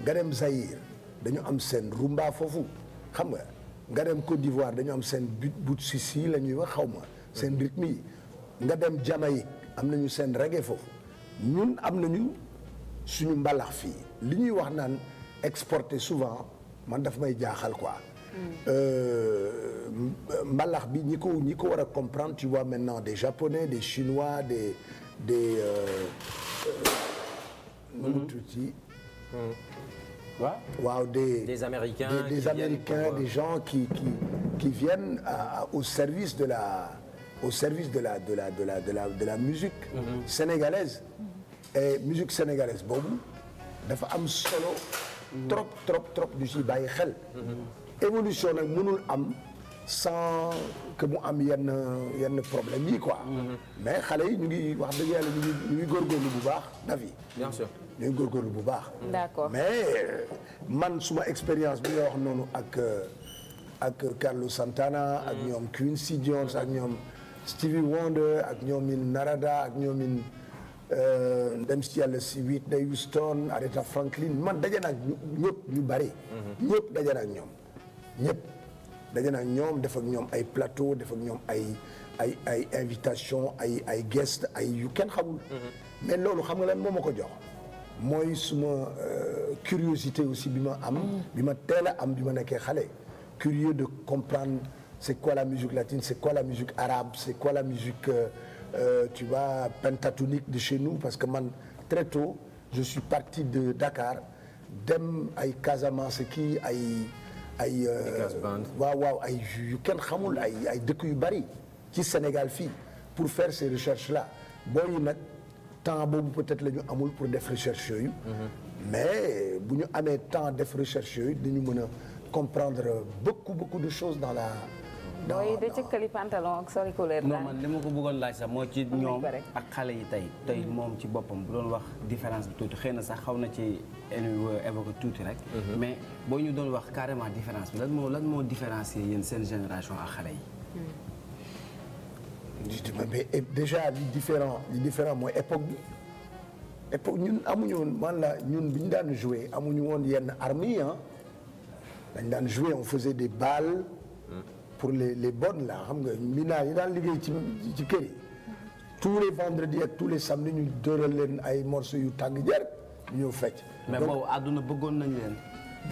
nga dem Zaïre dañu am seen rumba foofu xam nga nga dem Côte d'Ivoire dañu am seen but sisi la ñuy wax xawma seen rythme yi nga dem Jamaïque am nañu seen reggae foofu ñun am nañu suñu mbalax fii li ñuy wax naan exporter souvent man dafa may jaaxal quoi Euh, mbalax bi ñi ko ñi ko war a comprendre tu vois maintenant des japonais des chinois des des. nu mu tuuti. waaw waaw des des américains des, des américains des euh, gens qui qui qui viennent au service de la au service de la de la de la de la de la musique mhm. sénégalaise et musique sénégalaise boobu dafa am solo mhm. trop trop trop du si bàyyi xel mhm. évolution nag mënul am sans que mu am yenn yenn problème yi ko mm-hmm. mais xale yi ñu ngi wax dëgg yàlla ñu ngi ñu ngi bu baax David. bien sûr ñu bu baax. d'accord mais man suma expérience bi nga wax noonu ak ak Carlos Santana. Mm-hmm. ak ñoom Quincy Jones ak ñoom Stevie Wonder ak ñoom Narada ak ñoom in euh, dem si yàlla si Whitney Houston Aretha Franklin man daje na ak ñëpp ñu bari. Mm-hmm. ñëpp daje ak ñoom. ñëpp daje naa ñoom def ak ñoom ay plateau def ak ñoom ay ay ay invitation ay ay guest ay yu kenn xamul. Mhm. mais loolu xam nga lan moo ma ko jox. mooy suma euh, curiosité aussi bi ma am. bi ma teel a am bi ma nekkee xale. curieux de comprendre c'est quoi la musique latine c'est quoi la musique arabe c'est quoi la musique euh, euh tu vois pentatonique de chez nous parce que man très tôt je suis parti de Dakar dem ay Casamance kii ay. ay. Euh, waaw waaw ay yu kenn xamul ay ay dëkk yu bari ci Sénégal fii pour faire ces recherches là boo yi nag temps boobu peut-être la ñu amul pour def recherche yooyu. Mhm. mais bu ñu amee temps def recherche yooyu dañu mën a comprendre beaucoup beaucoup de choses dans la. mooy da cëkkali pantalon ak sori man li ma ko buggoon laaj sax moo ci ñoom ak xale yi tey tey mhm. moom ci boppam bu doon wax différence bi tuuti xëy na sax xaw na ci évoqué tuuti rek mhm. mais boo ñu doon wax carrément différence bi lan moo lan moo différencier yéen seen génération ak xale yi mhm. mais déjà li différent li différent mooy époque bi ñun amuñu woon man la ñun bi ñu daan joué amuñu woon yenn armes yi ah dañ daan joué on faisait de balles pour les les bonnes là xam nga mina yi daan liggéey ci ci kër yi tous les vendredis ak tous les samedis ñu dëral leen ay morceaux yu tàng jër ñu fecc. mais boobu àdduna bëggoon nañ leen.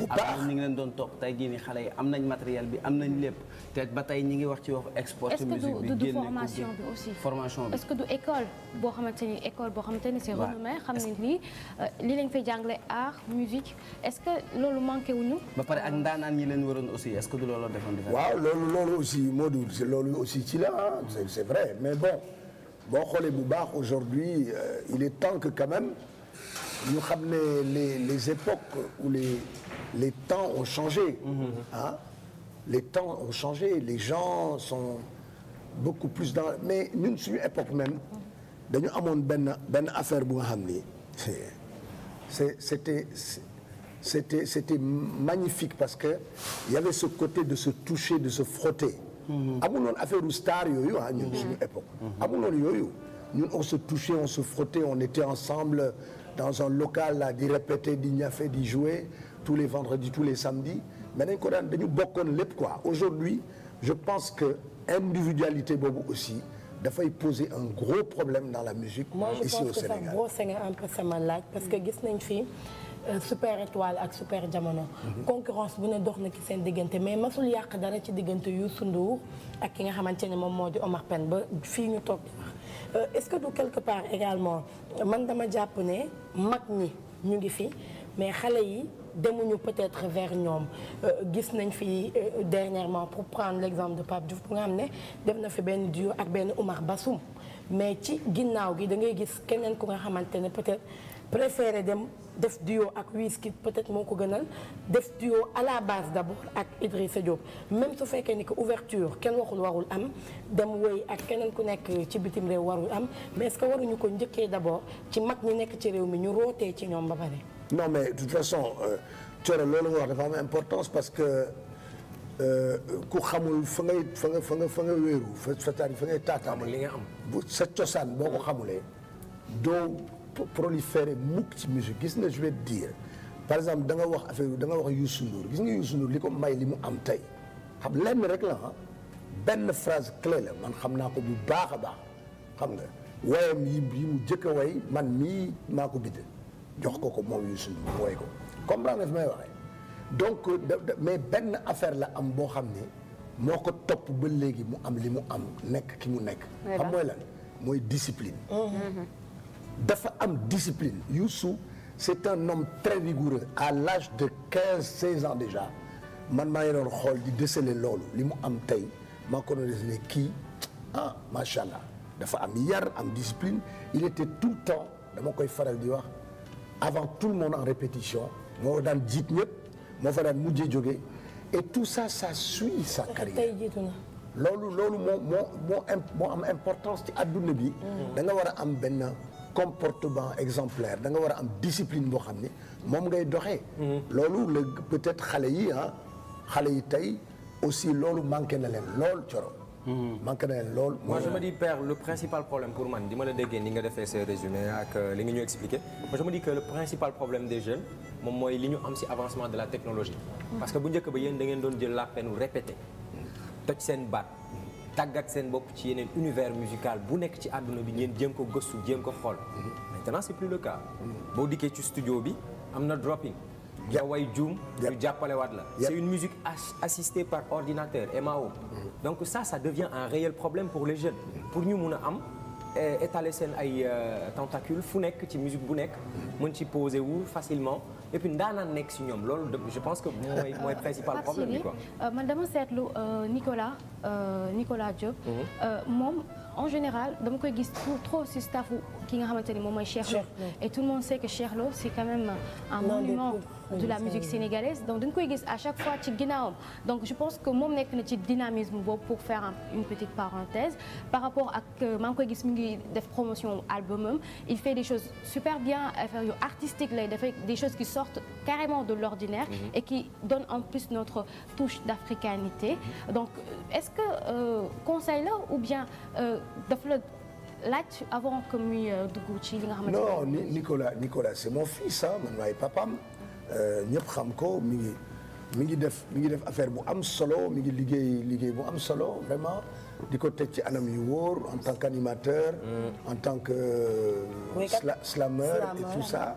bu baax ñu ngi leen doon topp tey jii nii xale yi am nañ matériel bi am nañ lépp te ba tey ñi ngi wax ci wax export musique bi génne formation bi aussi formation bi est-ce que du école boo xamante ni école boo xamante ni c'est renommé xam ne lii euh, li lañ fay jàngale art musique est-ce que loolu manqué wuñu ba pare ak ndaanaan ñi leen waroon aussi est-ce que du loolu defoon di waaw loolu loolu aussi Modou loolu aussi ci la ah c'est vrai mais bon boo xoolee bu baax aujourd'hui euh, il est temps que quand même ñu xam ne les les époques ou les les temps ont changé. Mmh, mmh, mmh. Hein? Les temps ont changé, les gens sont beaucoup plus dans mais ñun suñu époque même dañu amoon benn benn affaire bu nga xam ni c'est c'était c'était c'était magnifique parce que il y avait ce côté de se toucher de se frotter amul woon affaire u star yooyu ah ñun suñu époque amul woon yooyu ñun on se touchait on se frottait on était ensemble dans un local là di répéter di ñafe di jouer tous les vendredis tous les samedis mais dañ ko daan dañu bokkoon lépp quoi aujourd'hui je pense que individualité boobu aussi dafay poser un gros problème dans la musique Moi, ici au Sénégal je sama laaj parce que gis nañ fii euh, super étoile ak super jamono. Mhm. concurrence bu ne dox na ci seen diggante mais masul yàq dara ci diggante yu Ndour ak ki nga xamante ne moom moo di Omar Pène ba fii ñu toog euh, est-ce que du quelque part également man dama jàpp ne mag ñi ñu ngi fi mais xale yi. demuñu peut-être vers ñoom euh, gis nañ fi euh, dernièrement pour prendre l'exemple de Pape Diouf bu nga xam ne dem na fi benn duo ak benn Oumar Bassoum mais ci ginnaaw gi da ngay gis keneen ku nga xamante ne peut-être préféré dem def duo ak Wizkid peut-être moo ko gënal def duo à la base d'abord ak sa Diop même su fekkee ni que ouverture kenn waxul warul am dem woy ak keneen ku nekk ci bitim réew warul am mais est-ce waruñu ko njëkkee d'abord ci mag ñi nekk ci réew mi ñu rootee ci ñoom ba pare non mais de toute façon euh, Thioro loolu nga wax dafa am importance parce que euh, ku xamul fa ngay fa nga fa nga fa nga wéeru c'est-à-dire fa ngay taataama li nga am bu sa cosaan boo ko xamulee doo proliférer mukk ci musique gis nga je vais dire par exemple da nga wax affaire da nga wax Youssou Ndour gis nga Youssou Ndour li ko may li mu am tey xam lenn rek la ah benn phrase clé man xam naa ko bu baax a baax xam nga wayam yi yi mu jëkk a way man mii maako bi bind jox ko ko moom Youssou Ndour wooy ko comprendre fi may waxee donc mais benn affaire la am boo xam ne moo ko topp ba léegi mu am li mu am nekk ki mu nekk xam mooy lan mooy discipline mm-hmm. dafa am discipline Youssou c'est un homme très rigoureux à l'âge de quinze seize ans déjà man maa ngi doon xool di déceler loolu li mu am tey maa ko doon déceler kii ah macha allah dafa am yar am discipline il était tout le temps dama koy faral di wax avant tout le monde en répétition moo daan jiit ñëpp moo fa daan mujjee jóge et tout ça ça suit sa carrière loolu loolu moo moo moo am importance ci adduna bi mm. danga war a am benn comportement exemplaire da nga war a am discipline boo xam ne moom ngay doxee mm. loolu la peut-être xale yi ah xale yi tey aussi loolu manqué na leen lool coro Hmm. manqué na leen lool. moi je me dis père le principal problème pour man di ma la déggee ni nga defee ces résumé ak euh, li nga ñu expliqué. moi je me dis que le principal problème des jeunes moom mooy li ñu am ci avancement de la technologie. parce que bu njëkk ba yéen da ngeen doon jël la peine répéter. toj seen baat. tàggat seen bopp ci yeneen univers musical bu nekk ci àdduna bi ngeen jéem ko gëstu jéem ko xool. maintenant c'est plus le cas. Hmm. boo dikkee ci studio bi am na dropping. nga way juum jàppalewaat la c'est une musique assistée par ordinateur MAO mm-hmm. donc ça ça devient un réel problème pour les jeunes mm-hmm. pour ñu mun a am eh, étaler seen ay euh, tentacule fu nekk ci musique bu nekk mm-hmm. mën ci poser wu facilement et puis ndaanaan nekk si ñoom loolu je pense que mooy mooy principal problème bi quoi euh, man dama seetlu euh, Nicolas Nicolas Diop moom en général dama koy gis trop si staffu ki nga xamante ni moom mooy Cherlo et tout le monde sait que Cherlo c'est quand même un monument de la musique sénégalaise donc dañ koy gis à chaque fois ci ginnaawam donc je pense que moom nekk na ci dynamisme boobu pour faire une petite parenthèse par rapport ak euh, maa ngi koy gis mu ngi def promotion albumam il fait des choses super bien affaire yu artistique lay dafay des choses qui sortent carrément de l'ordinaire mhm. et qui donnent en plus notre touche d'africanité mhm. donc est-ce que euh, conseil la ou bien euh, daf la laaj avant que muy euh, dugg ci li nga xamante non Nicolas Nicolas c'est mon fils ah man maay papam euh, ñëpp xam ko mi ngi mi ngi def mi ngi def affaire bu am solo mi ngi liggéey liggéey bu am solo vraiment di ko teg ci anam yu wóor en tant qu'animateur mm. en tant que euh, slameur et tout ça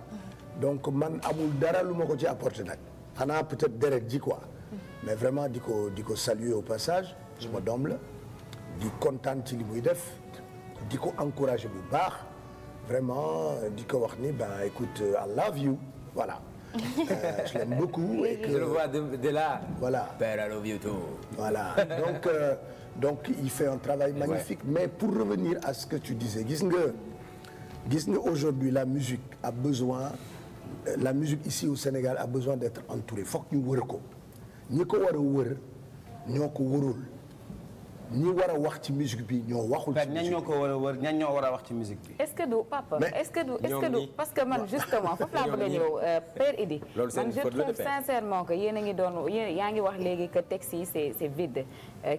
donc man amul dara lu ma ko ci apporté nag xanaa peut-être deret ji quoi mm. mais vraiment di ko di ko saluer au passage suma doom la di kontaan ci li muy def di ko encourager bu baax vraiment di ko wax ni ben écoute euh, I love you voilà. Euh, je l'aime beaucoup et que je le vois de, de là. voilà père I love you too. voilà donc euh, donc il fait un travail magnifique ouais. mais pour revenir à ce que tu disais gis nga gis nga aujourd'hui la musique a besoin euh, la musique ici au Sénégal a besoin d'être entourée fokk ñu wër ko ñi ko war a wër ñoo ko wërul. ñi war a wax ci musique bi ñoo waxul. ci musique bi ñoo ko war a ñoo war a wax ci musique bi. est-ce que du papa est-ce que du est-ce que du parce que man justement foofu laa bëgg a ñëw euh, Père man je trouve sincèrement que yéen a ngi doon yaa ngi wax léegi que texte yi c'est c'est vide euh,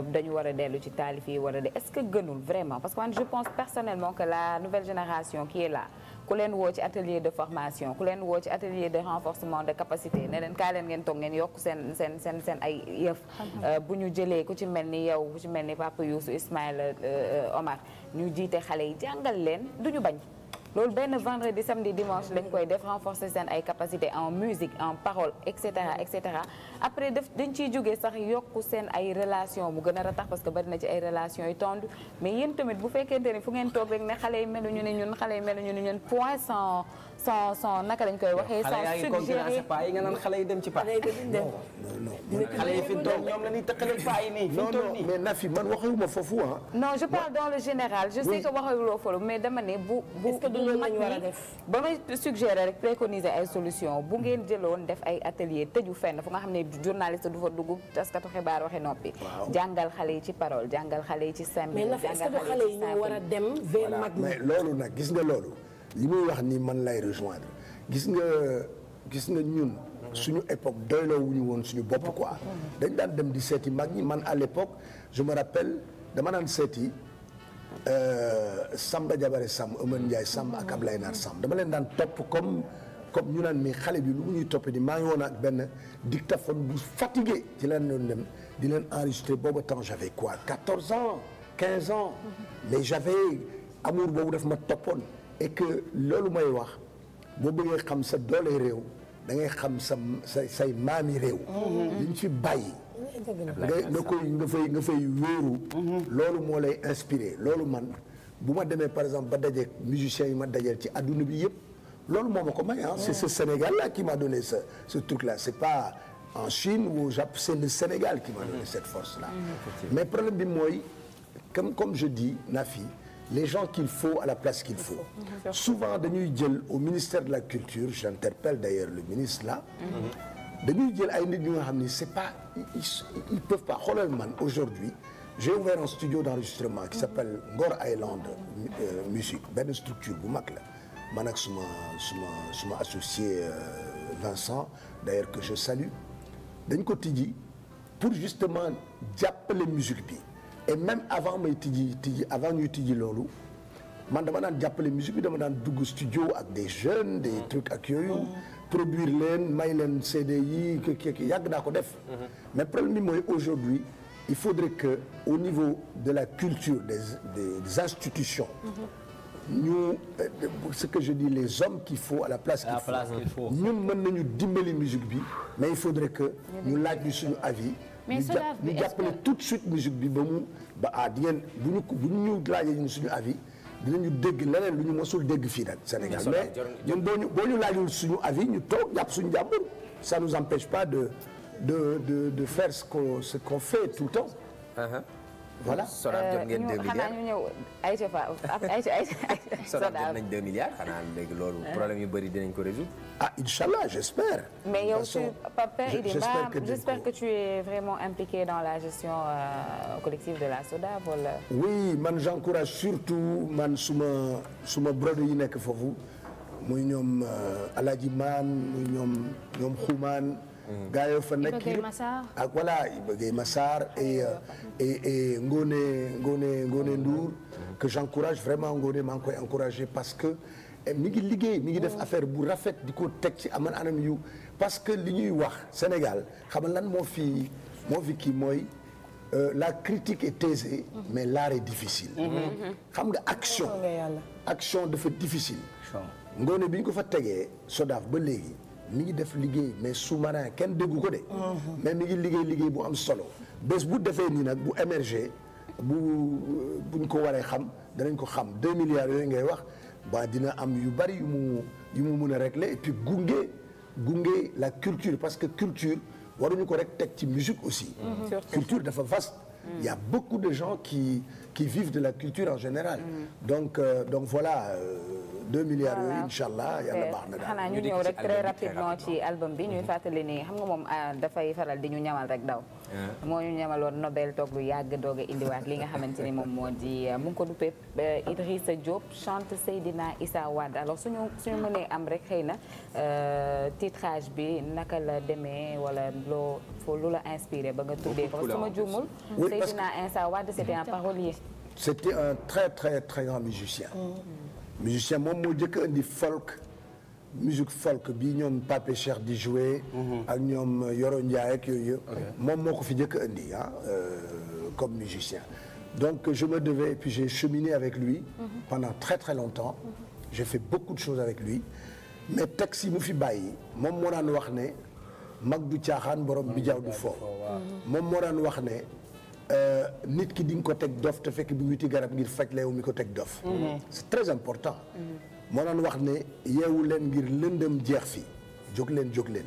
que dañu war a dellu ci taalif yi war a de est-ce que gënul vraiment parce que man je pense personnellement que la nouvelle génération qui est là. ku leen woo ci atelier de formation ku leen woo ci atelier de renforcement de capacité ne leen kaa leen ngeen toog ngeen yokk seen seen seen seen ay yëf euh, bu ñu jëlee ku ci mel ni yow ku ci mel ni Papa Youssou Ismaïla euh, euh, Omar ñu jiite xale yi jàngal leen du ñu bañ loolu benn vendredi samedi dimanche dañ koy def renforcer seen ay capacités en musique en parole et cetera et cetera après def dañ ciy jóge sax yokk seen ay relation mu gën a tax parce que bari na ci ay relation yu tondu mais yéen tamit bu fekkente ni fu ngeen toog rek ne xale yi meluñu ne ñun xale yi meluñu ne ñun point sans sans sans naka lañ koy waxee. sans suggéré xale yi nga naan xale yi dem ci paa. non non xale yi fi toog ñoom la ñuy tëqale paa yi nii. fi mu toll nii non non mais Nafi man waxewuma foofu ah. non je parle dans le général. je sais que waxewuloo foofu mais dama ne bu. bu bu mag ñi ba may suggéré rek préconiser ay solution bu ngeen jëloon def ay atelier tëju fenn fu nga xam ne journaliste du fa dugg taskatu xibaar waxe noppi. jàngal xale yi ci parole jàngal xale yi ci. sembe jàngal xale yi ci saako mais Nafi est-ce que xale yi ñu war a dem vers mag ñi. mais loolu nag gis nga loolu li muy wax ni man lay rejoindre gis nga gis nga ñun suñu époque doyloo wuñu woon suñu bopp quoi dañ daan dem di seeti mag ñi man à l'époque je me rappelle dama daan seeti euh, Samba Jabare Samb man Ndiaye Samb ak Ablaye Naar Samb dama leen daan topp comme comme ñu naan mi xale bi lu mu ñuy toppee di maa ngi woon ak benn dictaphone bu fatigué ci leen doon dem di leen enregistré booba temps j'avais quoi 14 ans 15 ans mais j'avais amour boobu daf ma toppoon loolu may wax boo bëggee xam sa doole réew da ngay xam sa sa say maami réew mm-hmm. li ñu fi bàyyi nga nga koy fay nga fay mm-hmm. loolu moo lay inspiré loolu man bu ma demee par exemple ba dajeek musiciens yi ma dajeel ci adduna bi yëpp loolu moo ma ko may ah c'est mm-hmm. ce Sénégal là qui m'a donné ce ce truc c'est pas en Chine ou au Japon c'est le Sénégal qui m'a donné cette force là mais problème bi mooy comme comme je dis Nafi les gens qu'il faut à la place qu'il faut souvent dañuy jël au ministère de la culture j'interpelle d'ailleurs le ministre là dañuy jël ay nit ñu nga xam ni c'est pas ils peuvent pas xoolal man aujourd'hui j'ai ouvert un studio d'enregistrement qui s'appelle Ngor Island euh, musique benn structure bu mag la man suma suma suma associé euh, Vincent d'ailleurs que je salue dañ ko tijji pour justement jàppale musique bi et même avant may tijji tijji avant ñuy tijji loolu man dama daan jàppale musique bi dama daan dugg studio ak des jeunes des mm-hmm. trucs ak yooyu mm-hmm. produire leen may leen CD yi kii yàgg naa ko def mm-hmm. mais problème mooy aujourd'hui i faudrait que au niveau de la culture des des institutions ñu euh, ce que je dis les hommes qu'il faut à la place qu'il faut ñun mën nañu dimbali musique bi mais il faudrait que ñu laaj ñu suñu avis mais Sodav bi ñu jàppale tout de suite musique bi ba mu ba ah di ngeen bu ñu bu ñu laajee ñun suñu avis dinañu dégg leneen lu ñu mosul dégg fii nag Sénégal mais ñun boo ñu boo ñu laajul suñu avis ñu toog jàpp suñu jàmbur ça nous empêche pas de de de de faire ce qu'on ce qu'on fait tout le temps. Uh-huh. voilà euh, Sodaar jot ngeen 2 milliards xanaa ñu ñëw ayca fa ayca ayca. Sodaar jot nañ 2 milliards xanaa léegi loolu problème yu bëri dinañ ko résoudre. ah incha allah j' espère. mais yow tu Papa Idi Ba j' espère que tu es vraiment impliqué dans la gestion euh, collective de la Sodav wala. oui man j' encourage surtout man suma suma brode yi nekk foofu muy ñoom euh, Alaaji Maan muy ñoom ñoom Xumaan. Mm. gaa yoo fa nekk ak voilà Iba Gueye Massar et euh, et et Ngoné Ngoné Ngoné Ndour mm. que j'encourage vraiment Ngoné maa ngi koy encouragé parce que eh, mi ngi liggéey mi ngi def mm. affaire bu rafet di ko teg ci aman anam yu parce que li ñuy wax Sénégal xam lan moo fi moo fi kii mooy euh, la critique est aisée mm-hmm. mais l'art est difficile mm-hmm. Mm-hmm. xam nga action action dafa difficile Ngoné bi ñu ko fa tegee Sodav ba léegi mi ngi def liggéey mais sous-marin kenn déggu ko de. Mhm. mais mi ngi liggéey liggéey bu am solo. bés bu defee nii nag bu émerger bu buñ ko waree xam danañ ko xam deux milliards yooyu ngay wax ba dina am yu bari yu mu yu mu mën a régler et puis gunge gunge la culture parce que culture waruñu ko rek teg ci musique aussi. Mhm. culture dafa vaste. Mhm. il y a beaucoup de gens qui qui vivent de la culture en général. donc euh, donc voilà. Euh, deux milliards yooyu incha allah yàlla xanaa ñu ñëw rek très rapidement ci album bi ñuy mhm. fàttali nii xam nga moom ah, dafay faral di ñu ñamal rek daw moo ñu ñamaloon Nobel toog lu yàgg doog indiwaat li nga xamante ni moom moo di ah, mu ngi ko duppee eh, sa Diop chante Seydina Issa Wade alors su suñu mënee am rek xëy na eh, titrage bi naka la deme wala loo foo lu la inspiré ba nga tuddee parce que su ma juumul Seydina Issa Wade c'était un parolier c'était un très très très grand musicien mm-hmm. musicien moom moo jëkk indi folk musique folk bi ñoom Pape Cheikh di jouer mhm. ak ñoom euh, Yoro Ndiaye ak yooyu yëpp moom moo ko fi jëkk indi ah euh, comme musicien donc je me devais et puis j'ai cheminé avec lui mhm. pendant très très longtemps mhm. j'ai fait beaucoup de choses avec lui mais texte yi mu fi bàyyi moom moo daan wax ne mag du caaxaan borom bi jaaw du foo moom moo daan wax ne Euh, nit ki di nga ko teg dof te fekk bi wuti garab ngir faj la yow mi ko teg dof mm-hmm. Mm-hmm. c'est très mm-hmm. moo wax ne yeewu leen ngir lëndëm jeex fi jóg leen jóg leen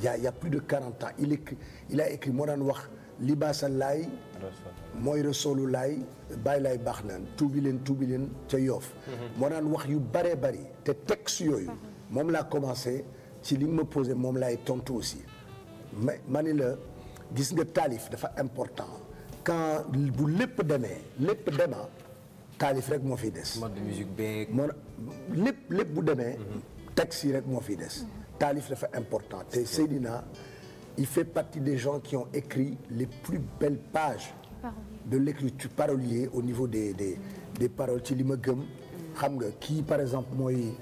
yaa y' de quarante ans il écrit il a daan wax libaasa laay mooy resoolu laay bàyyi laay baax na tuubi leen tuubi leen ca yoof moo daan wax yu bëree bari te teg texte yooyu moom laa commencé ci li ma posé moom laay tontu aussi mais ma ni la gis nga taalif dafa important quand bu lépp demee lépp demaa taalif rek moo fiy des. mode de musique beeg. moo lépp lépp bu demee. texte yi rek moo fiy des. taalif dafa important te Seydina il fait partie des gens qui ont écrit les plus belles pages. de l'écriture parolier au niveau des des des paroles ci li ma gëm. xam nga kii par exemple mooy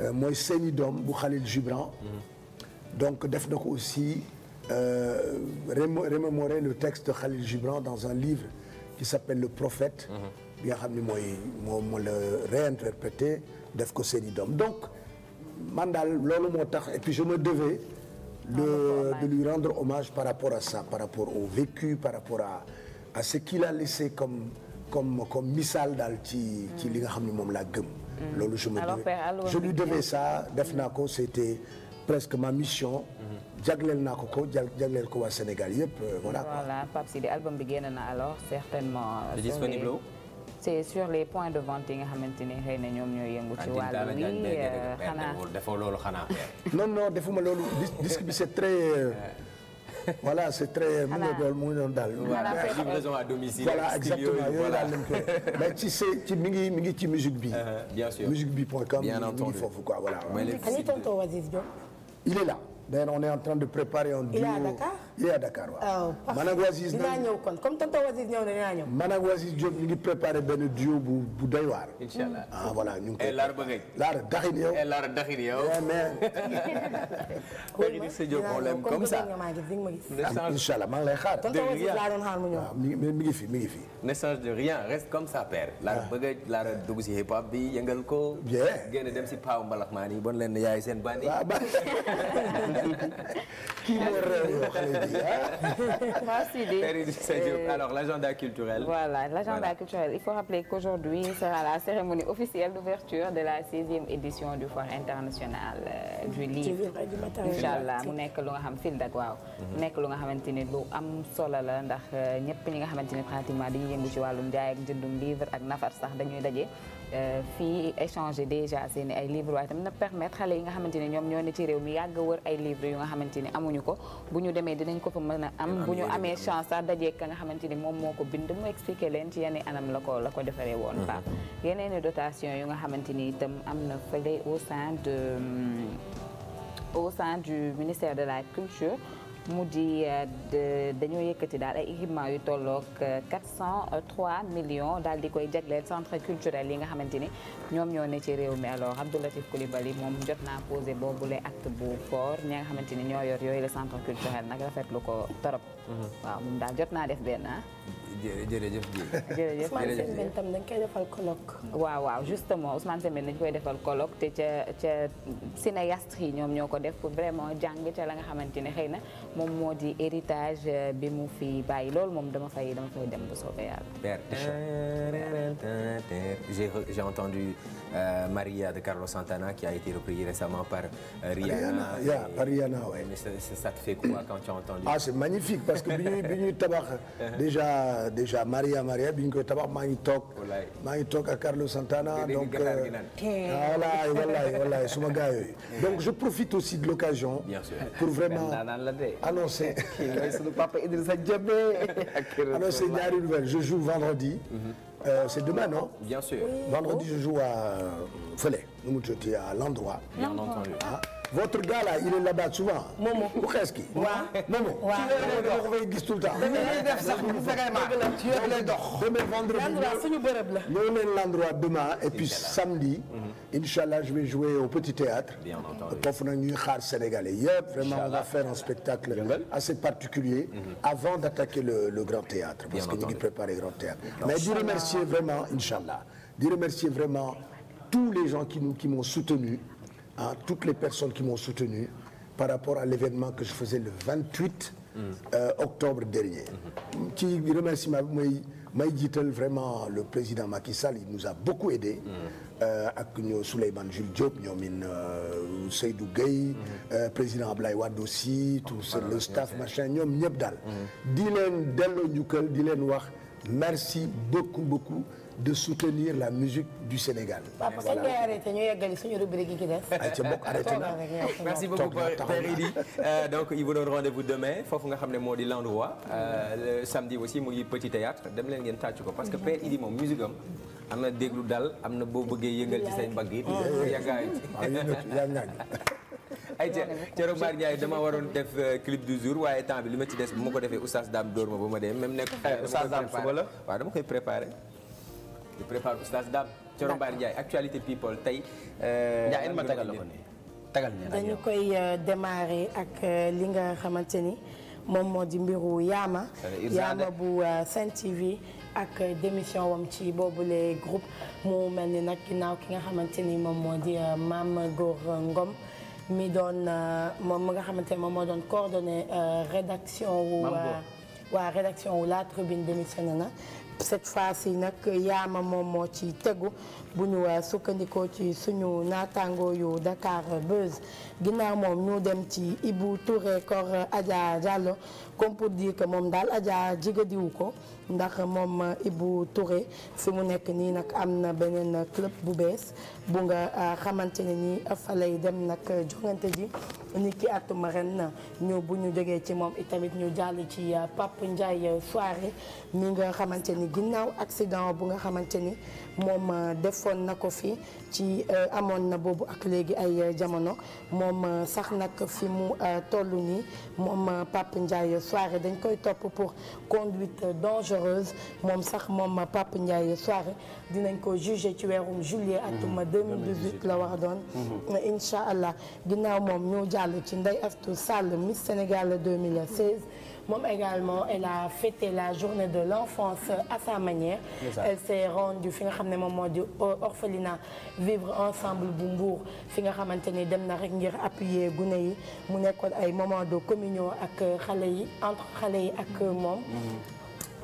euh, mooy seeni doom bu Khalil Gibran. Mm-hmm. donc def na ko aussi. euh, remémorer le texte de Khalil Gibran dans un livre qui s'appelle Le Prophète. Mhm. bi nga xam ni mooy moo moo la réinterprété def ko seeni doom donc man daal loolu moo tax et puis je me devais de de lui rendre hommage par rapport à ça par rapport au vécu par rapport à à ce qu'il a laissé comme comme comme misaal daal ci ci mm. li nga xam ni moom laa gëm. Mm. loolu je me devais je lui devais ça def naa ko c'était presque ma mission. jagleel na ko ko jagleel ko waa Sénégal yëpp euh, voilà. voilà Pape Sidi album bi na alors certainement. c'est disponible où? c'est sur les points de vente yi nga xamante ni xëy na ñoom ñooy yëngu ci wàllu wi euh, xanaa defoo xanaa. non non defuma loolu disque bi c'est très. Euh, voilà c'est très mu ngi doon mu ngi doon daal. voilà livraison à domicile. voilà exactement yooyu daal lañ koy mais ci c'est ci mi ngi mi ngi ci musique bi. bien sûr musique bi point com mi ngi foofu quoi voilà. mais il est là. D'ailleurs, on est en train de préparer un duo. Il est à Dakar. yéen à Dakar waaw. Ah, oh. man ak Wasis dinaa ñëw kon comme tonton Wasis ñëw na dinaa ñëw. man ak Wasis Diop ñu ngi préparé benn duo bu bu doy waar. incha allah mm. ah voilà ñu ngi koy. Eh, laar bëgg laar daxin yow. Eh, laar daxin yow. Eh, mais. comme ça ah, incha allah maa ngi lay xaar. tonton Wasis laa doon xaar mu ñëw. Ah, mi mi ngi fi mi ngi fi. ne change de rien reste comme ça père. laar bëgg laar dugg si hip hop bi yëngal ko. bien génn dem si Paaw Mbalax maa nii bon leen yaay seen bandi. kii moo réew yow xale Moi Sidi. Euh, alors l'agenda culturel. Voilà, l'agenda voilà. Il faut rappeler qu'aujourd'hui sera la cérémonie officielle d'ouverture de la 16e édition du Foire internationale euh, du livre. Inch'Allah mu nekk lu nga xam fil dak waaw. Mhm. mu nekk lu nga xamante ni du am solo la ndax euh, ñëpp ñi nga xamante ni di dañuy yëngu ci wàllum jaay ak jëndum livre ak nafar sax dañuy daje. Euh, fii échanger déjà seeni ay livres tam na permettre xale yi nga xamante ne ñoom ñoo ne ci réew mi yàgg wër ay livres yu nga xamante ni amuñu ko bu ñu demee dinañ ko fa mën a am bu ñu amee chance sax dajee ka nga xamante ni moom moo ko bind mu expliquer leen ci yenn anam la ko la ko defaree woon baax mm-hmm. yeneen dotation yu nga xamante ni am na fële au sein de au sein du ministère de la culture mu di eh, dañoo yëkkati daal ay équipement yu tolloog 403 eh, millions daal di koy jagleel centre culturel yi nga xamante ni ñoom ñoo ne ci réew mi alors Abdoulatif Coulibaly moom jot naa posé boobule acte bu fort ñi nga xamante ni ñoo yor yooyu le centre culturel nag rafetlu ko torop mm-hmm. waaw moom daal jot naa def benn ah. jërëjëf jërëjëf Ousmane Sembène tam dañ koy defal colloque. waaw waaw justement Ousmane Sembène dañ koy defal colloque te ca ca cinéastes yi ñoom ñoo ko def pour vraiment jàng ca la nga xamante ne xëy na moom moo di héritage euh, bi mu fi bàyyi loolu moom dama fay dama fay dem bu soobee yàlla. j'ai j'ai entendu euh, Maria de Carlos Santana qui a été repris récemment par euh, Rihanna. Yeah, par Rihanna ouais. Mais ça, ça te fait quoi quand tu as entendu? Ah, c'est magnifique parce que bi ñuy bi ñuy tabax uh-huh. déjà déjà Maria Maria bi ñu koy tabax maa ngi toog. maa ngi toog ak Carlos Santana. donc voilà euh, ah, wallaay wallaay suma gars yooyu. Eh. donc je profite aussi de l'occasion pour vraiment annoncer. sunu papa Idrissa Diabe. annoncer ñaari nouvelle je joue vendredi. Mm-hmm. Euh, c'est demain non. bien sûr vendredi je joue à Fële nu mu tuddati à l'endroit. bien entendu ah. votre gars là il est là-bas souvent. Momo bu xees ki. waaw Momo. waaw ci fay gis tout le temps. def sax lay dox. demain vendredi ñëw leen l'endroit demain et puis samedi. inchallah je vais jouer au petit théâtre. foofu nag ñuy xaar sénégalais yëpp. vraiment on va faire un spectacle. assez particulier. avant d'attaquer le le grand théâtre. parce que ñu ngi préparer grand théâtre. mais di remercier vraiment inchallah di remercier vraiment tous les gens qui nous qui m'ont soutenu. à toutes les personnes qui m'ont soutenu par rapport à l'événement que je faisais le 28 mm. euh, octobre dernier. ci mm-hmm. remerciement bi mooy may jiital vraiment le président Macky Sall il nous a beaucoup mm. euh, ak ñoo Souleymane Jules Diop ñoom in euh, Seydou Gueye. Mm. président Ablaye Wade aussi tout ce le staff machin ñoom ñëpp daal. di delloo njukkal di leen wax merci beaucoup de soutenir la musique du Sénégal. waaw parce que ñu koy arrêté ñu yeggali suñu rubrique yi ci des. ayca mbokk arrêté na merci beaucoup Père Idi euh, donc il vous donne rendez demain foofu nga xam ne moo di l'endroit euh, le samedi aussi moo ngi petit théâtre dem leen ngeen tàcc ko parce que Père Idi moom musique am. am na déglu dal am na boo bëggee yëngal ci say mbagg yi. yàggaay yàggaay. ayca Thioro Mbar Ndiaye dama waroon def euh, clip du jour waaye temps bi li ma ci des bu ma ko defee Oustaz Dame dóor ma ma dee même nekk. Oustaz Dame suba dama koy préparé. je prépare oustaz Dame Thioro Mbaye Ndiaye actualité people tey. Euh, Ndiaye ma tagal la ko nii tagal ñu dañu koy euh, démarrer ak euh, li nga xamante ni moom moo di mbiru Yaama. Yaama bu Sen TV. ak démission wam ci boobu boobule groupe mu mel ni nag ginnaaw ki nga xamante ni moom moo di Mame Gor Ngom mi doon moom mi nga xamante ni moom moo doon coordonné rédaction wu rédaction wu La Tribune démissionné na cette fois-ci nag yaama moom moo ci tegu bu ñu euh, sukkandikoo ci suñu naataangoo yu Dakar Buzz ginnaaw moom ñu dem ci Ibou Touré kor Adja Diallo comme pour dire que moom daal Adja jigadiwu ko ndax moom Ibou Touré fi mu nekk nii nag am na beneen club bu bees bu nga ah, xamante ne nii fa lay dem nag jongante ji ni ki atuma ren ñu bu ñu jógee ci moom itamit ñu jàll ci ah, Pape njaay Souaré mi nga xamante ni ginnaaw accident bu nga xamante ni moom ah, defoon na ko fi ci amoon na boobu ak léegi ay jamono moom sax nag fi mu tollu nii moom Pape Ndiaye Souaré dañ koy topp pour conduite dangereuse dangereuse moom sax moom ma Pape Ndiaye soirée dinañ ko jugé ci weerum juillet atuma 2018 mhm. la war a doon mhm. incha allah ginnaaw moom ñu jàll ci Ndeye Astou Sall Miss Sénégal 2016 moom également elle a fêté la journée de l'enfance à sa manière elle s'est rendue fi nga xam ne moom moo di orphelinat vivre ensemble bu Mbour fi nga xamante ni dem na rek ngir appuyer gune yi mu nekkoon ay moment de communion ak xale yi entre xale yi ak moom mhm.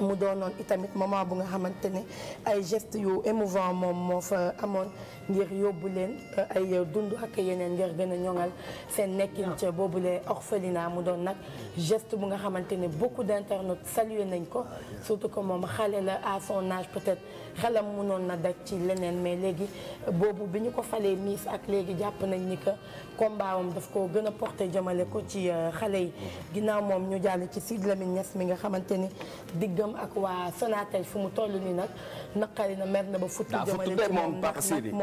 mu doonoon itamit moment bu nga xamante ne ay gestes yu émouvant moom moo fa amoon ngir yóbbu leen eh, ay dund ak yeneen ngir gën a ñoŋal seen nekkin ca boobule orphelinat mu doon nag geste bu nga xamante ne beaucoup d'internautes salué nañ ko surtout que moom xale la à son âge peut-être xelam mënoon na daj ci leneen mais léegi boobu bi ñu ko falee miis ak léegi jàpp nañ ni que kombaawam daf ko gën a porté jëmale ko ci eh, xale yi ginnaaw moom ñu jàll ci Sidy Lamine Niass mi nga xamante ni diggam ak waa Sonatel fu mu toll nii nag naqari na mer na ba futti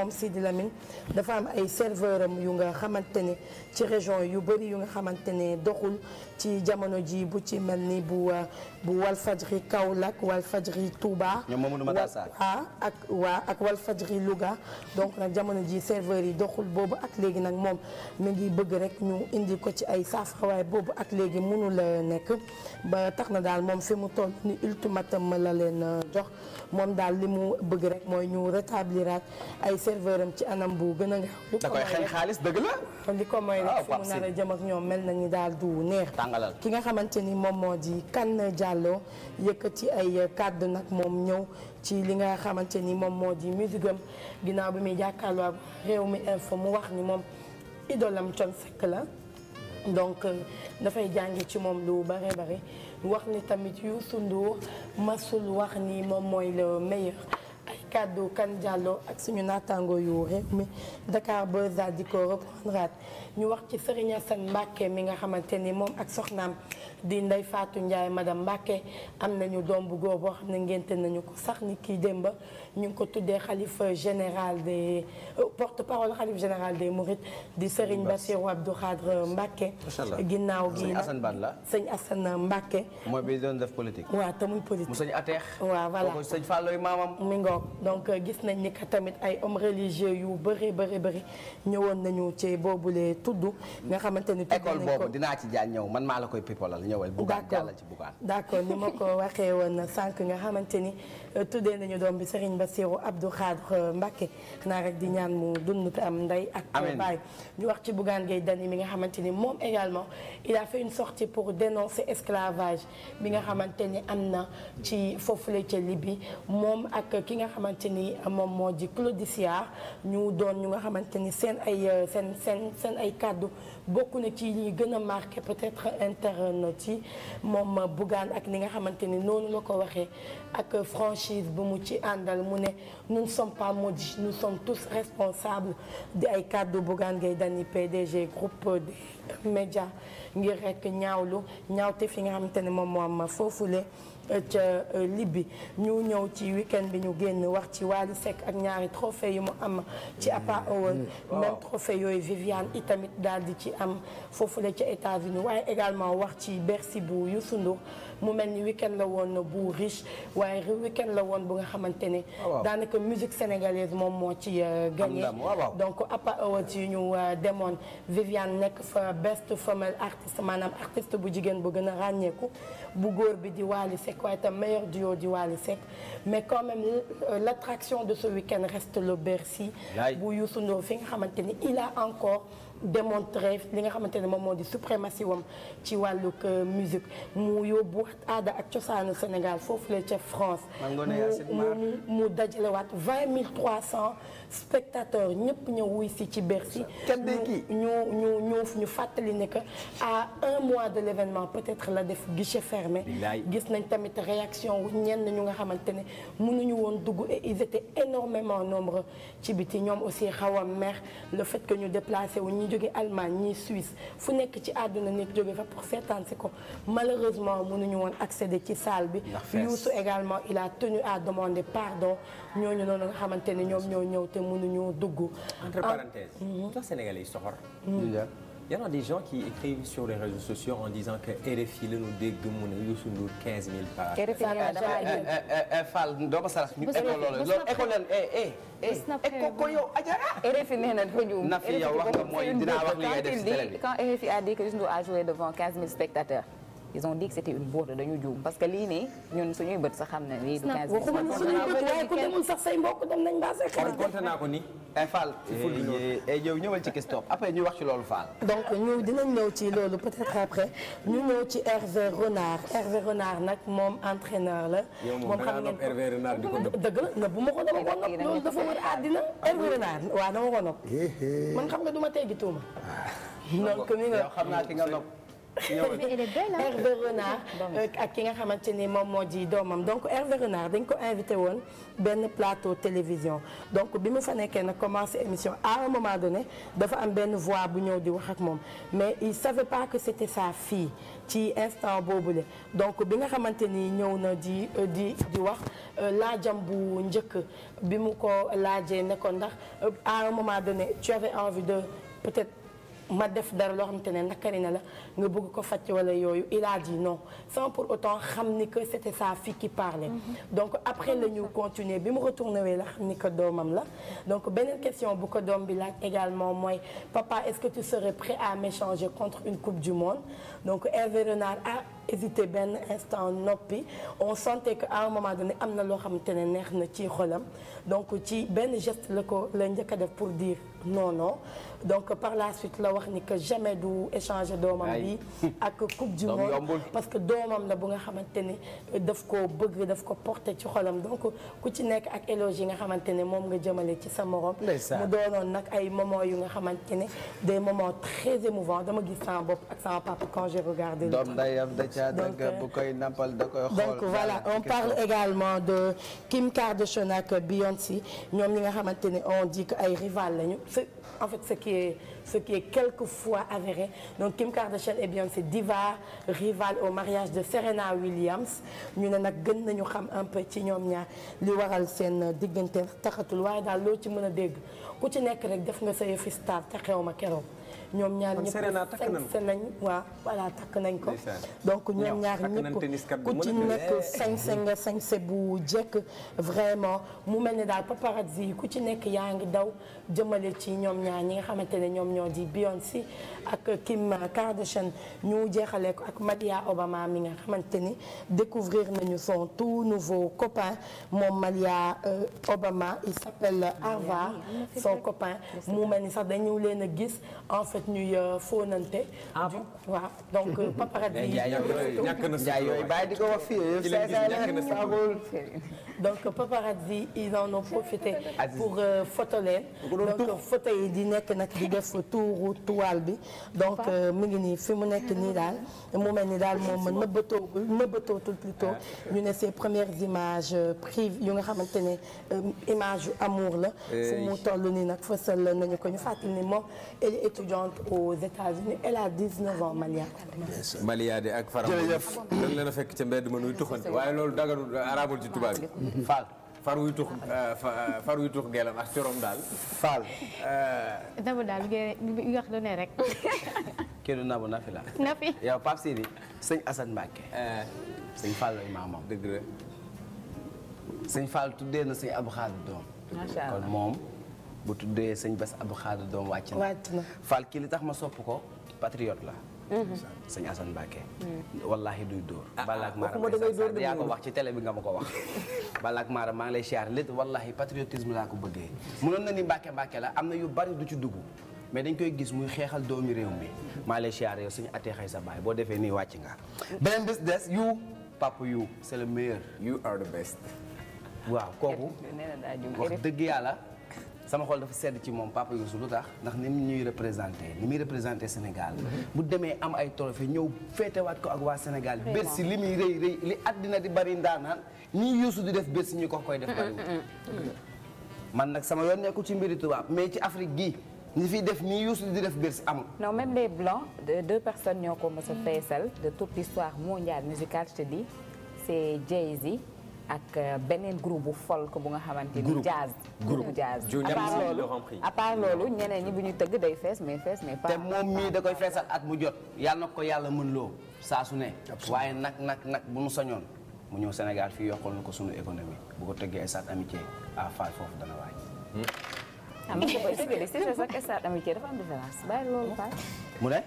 moom Sidi Lamine dafa am ay serveur am yu nga xamante ne ci région yu bëri yu nga xamante ne doxul ci jamono ji bu ci mel ni bu euh, bu Walfadjri Kaolack Walfadjri Touba. ñoom Mamadou Matar Sarr ah, ak waa ak Walfadjri Louga donc nag jamono ji serveur yi doxul boobu ak léegi nag moom mu ngi bëgg rek ñu indi ko ci ay saafara waaye boobu ak léegi mënul euh, nekk ba tax na daal moom fi mu toll ni ultimatum la leen euh, jox. moom daal li mu bëgg rek mooy ñu rétabliraat ay serveur am ci anam bu gën a gaaw. da koy xaalis dëgg la. li ko mooy ah, mu nar ñoom mel na ni daal du neex. tàngalal ki nga xamante ni moom moo di Kane Diallo yëkkati ay kàddu nag moom ñëw ci li nga xamante ni moom moo di musigam ginnaaw bi muy jàkkaarloo réew mi info mu wax ni moom idolam Thione Seck la donc dafay jànge ci moom lu bare bare wax ni tamit yu Ndour masul wax ni moom mooy le meilleur ay kàddu kan jàlloo ak suñu naataango yu réew mi Dakar Buzz di ko reprendre ñu wax ci Serigne Assane Mbacké mi nga xamante ni moom ak soxnaam di Ndeye Fatou Ndiaye madame Mbacke am nañu doom bu góor boo xam ne ngénte nañu ko sax ni kii démba ñu ngi ko tuddee xalif général des euh, porte parole xalif général de Mourides di Serigne Bassirou Abdou Khadre Mbacke ginnaaw gi sëñ Assane Mbacke mooy bi doon def politique waa te muy politique mu sëñ Ateex waaw voilà sëñ Falloy maamam mi ngoog donc euh, gis nañ ni que tamit ay hommes religieux yu bëri bëri bëri ñëwoon nañu ci boobule tudd nga xamante ni école boobu dinaa ci jaan ñëw man maa la koy ñëwal bugaan jàllal ci bugaan d'accord ni ma ko waxee woon na sànq nga xamante ni euh, tuddee nañu doom bi ba Bassirou Abdou Khadre euh, Mbacké xanaa rek di ñaan mu dund te am ndey ak euh, baay ñu wax ci Bougane Gueye Dany mi nga xamante ni moom également il a fait une sortie pour dénoncer esclavage bi nga xamante ni am na ci foofule ca Libye moom ak ki nga xamante ni moom moo ji Claude Siard ñu doon ñu nga xamante ni seen ay seen seen seen ay kàddu bokk na ci ñi gën a marqué peut-être internautes ci moom Bougane ak ni nga xamante ni noonu la ko waxee ak franchise bu mu ci àndal mu ne nous ne sommes pas maudits nous sommes tous responsables di ay kàddu Bougane Gueye Dany PDG groupe des médias ngir rek ñaawlu ñaawte fi nga xamante ne moom moo am foofule Euh, ca euh, Libye ñu ñëw ci week bi ñu génn wax ci Wally Seck ak ñaari trophée yi mu am ci APA mm, Award mm, même trophée yooyu Viviane itamit daal di ci am foofu la ci États-Unis waaye également wax ci Bercy bu Youssou Ndour mu mel ni week-end la woon bu riche waaye week-end la woon bu nga xamante ne ah, daanaka musique sénégalaise moom moo ci euh, gagné donc APA Awards yi ñu demoon Viviane nekk fa best female artiste maanaam artiste bu jigéen bu gën a ràññeeku bu góor bi di Wally Seck meilleur duo di Wally Seck mais quand même euh, l' attraction de ce week-end reste le Bercy bu Youssou Ndour fi nga xamante ni il a encore démontré li nga xamante ne moom moo di suprématie wam ci wàllug euh, musique mu yóbbu aada ak cosaanu Sénégal foofu la ca France mu mu dajalewaat 20 spectateur ñëpp ñëw wuy si ci Bercy. kenn de kii ñu ñu ñu fàttali ne que à un mois de l' événement peut-être la def guichet fermé. gis nañ tamit réaction wu ñenn ñu nga xamante ne mënuñu woon dugg et ils étaient énormément nombreux ci biti ñoom aussi xaw a mer le fait que ñu déplacé wu ñu jóge Allemagne ñi Suisse fu nekk ci àdduna nit jóge fa pour seetaan si ko malheureusement mënuñu woon accéder ci salle bi. Youssou également il a tenu à demander pardon ñooñu noonu nga xamante te mënuñoo dugg. entre ah. parenthèses. lu mm-hmm. tax Sénégalais yi soxor. Mm-hmm. y en a des gens qui écrivent sur les réseaux sociaux en disant que RFI la ñu dégg mu ne Youssou Ndour 15000 par. RFI dafa Fall doo ma sarax ñu école loolu loolu école leen eh eh. eh, eh ko yow Adjara. RFI nee na dafa juum. na fi yow wax nga mooy dinaa wax li ngay def si télé bi. quand RFI a dit que Youssou Ndour a joué devant 15000 spectateurs. ils ont dit que c'était une que lii nii ñun suñuy bët sax say mbokk dem nañ baa say xarit compté naa ko ni eh, eh, eh, yow ñëwal ci question après ñu wax ci loolu Fall donc ñu dinañ ñëw ci loolu peut-être après ñu ñëw ci Hervé Renard Hervé Renard nag moom entraîneur la moom xam ngeen Hervé Renard di ko dëgg la na bu ma ko dama ko nopp loolu dafa nga du teggi tuuma ah. elle est belle Hervé Renard euh, ak ki nga xamante ni moom moo ji doomam donc Hervé Renard dañ ko invité woon benn plateau télévision donc bi mu fa nekkee nag commencé émission à un moment donné dafa am benn voix bu ñëw di wax ak moom mais il savait pas que c'était sa fille ci instant boobule donc bi nga xamante ni ñëw na di euh, di di wax euh, laajam bu njëkk bi mu ko laajee ne ko ndax à un moment donné tu avais envie de peut-être ma def dara loo xamante ne nakari na la nga bugg ko fàcc wala yooyu il a dit non sans pour autant xam ni que c'était sa fille qui parlait. Mm-hmm. donc après la ñu continuer bi mu retourné wee la xam ni que doomam la. donc beneen question bu ko doom bi laaj également mooy papa est-ce que tu serais prêt à m'échanger contre une coupe du monde donc Hervé Renard a hésité benn instant noppi on sentait que à un moment donné am na loo xamante ne neex na ci xolam donc ci benn geste la ko la njëkk a def pour dire non donc par la suite la wax ni que jamais du échanger doomam bi ak coupe du monde parce que doomam la bu nga xamante ne daf ko bëgg daf ko porter ci xolam donc ku ci nekk ak éloge nga xamante ne moom nga jëmale ci sa morom mu doonoon nag ay moments yu nga xamante ne des moments très émouvants dama gis sama bop ak sama papa quand j'ai regardé doom ndeyam da caa dëgg bu koy nampal da voilà on parle également de Kim Kardashian ak Beyoncé ñoom ñi nga xamante ne on dit que ay la lañu en fait ce qui est ce qui est quelquefois avéré donc Kim Kardashian et eh Beyoncé diva rivale au mariage de Serena Williams ñu ne nag gën nañu xam un peu ci ñoom ñaar li waral seen diggante taxatul waaye daal loo ci mën a dégg ku ci nekk rek def nga sa yëfi star te xew ma keroog ñoom ñaar ñëpp sañse nañ waaw voilà takk nañ ko donc ñoom ñaar ñëpp ku ci nekk sañse nga sañse bu jekk vraiment mu mel ni daal paparazzi yi ku ci nekk yaa ngi daw jëmale ci ñoom ñaar ñi nga xamante ne ñoom ñoo di Beyoncé ak Kim Kardashian ñu jeexalee ko ak Malia Obama mi nga xamante ni découvrir nañu son tout nouveau copain moom Malia euh, Obama il s'appelle Harvard son copain mu mel ni sax dañu leen a gis en fait ñuy euh, fóonante. ah waaw donc paparazzi yi. ñàkk na sa yooyu bàyyi di ko wax fii donc euh, paparazzi ils en ont profité. pour euh, photo leen. donc photo yi di nekk nag di def tuuru toile bi. donc mu ngi nii fi mu nekk nii daal mu mel ni daal moom nëbbatootul nëbbatootul plutôt ñu ne ces premières images privées yu nga xamante ne image yu amour la. fu mu toll nii nag fësal nañu ko ñu fàttali ni moom étudiante a 19 ans ak fekk ca mbedd ma nuy tuxante waaye loolu daganul arabul ci tubaab bi Fall. far wuy tux euh, euh, far ak corom daal. Fall. Euh, Nabou daal li wax lu ne Nafi la. Nafi yow Pape Sidi. sëñ Assane Mbacke. sëñ Fall maamam. dëgg la. sëñ tuddee na sëñ Abou doom. bu tuddee sëñ Bass Abdou Khadre doom wàcc na Fall kii li tax ma sopp ko patriote la mhm. sëñ Assane Mbacké mhm. wallaahi duy dóor ah, ah, balaak maara yaa ko wax ci télé bi nga ma ko wax balaak maara maa ngi lay siyaar lépp wallaahi patriotisme laa ko bëggee mënoon na ni Mbacké Mbacké la am na yu bari du ci dugg mais dañ koy gis muy xeexal doomi réew mi maa lay siyaar yow suñu attee sa baay boo defee nii wàcc nga beneen bés des yu papa yu c'est le yu you are the best waaw kooku wax dëgg yàlla sama xol dafa sedd ci moom Papa Youssou lu tax ndax ni ñuy représenté ni muy représenté Sénégal mhm. bu demee am ay trophée ñëw féetewaat ko ak waa Sénégal Bercy li muy rey rëy li àddina di bari ndaanaan nii Youssou di def Bercy ñu ko koy def mm, mm, mm, man nag sama yoon nekku ci mbiri tubaab mais ci Afrique gii ñi fiy def nii Youssou di def Bercy am non même les blancs de deux personnes ñoo ko mos a feesal de toute l'histoire mondiale musicale je te dis c'est jay ak euh, beneen group bu ko bu nga xamante ni jazz groupe jazz à part loolu à part loolu ñi bu ñuy tëgg day fees mais fees mais pas te moom mii da koy feesal at mu jot yàlla na ko yàlla mën loo saa su ne waaye nag nag nag bu mu soñoon mu ñëw senegal fii yokkal na ko sunu économie bu ko tëggee stade amitié à Fass foofu dana waaj mu ne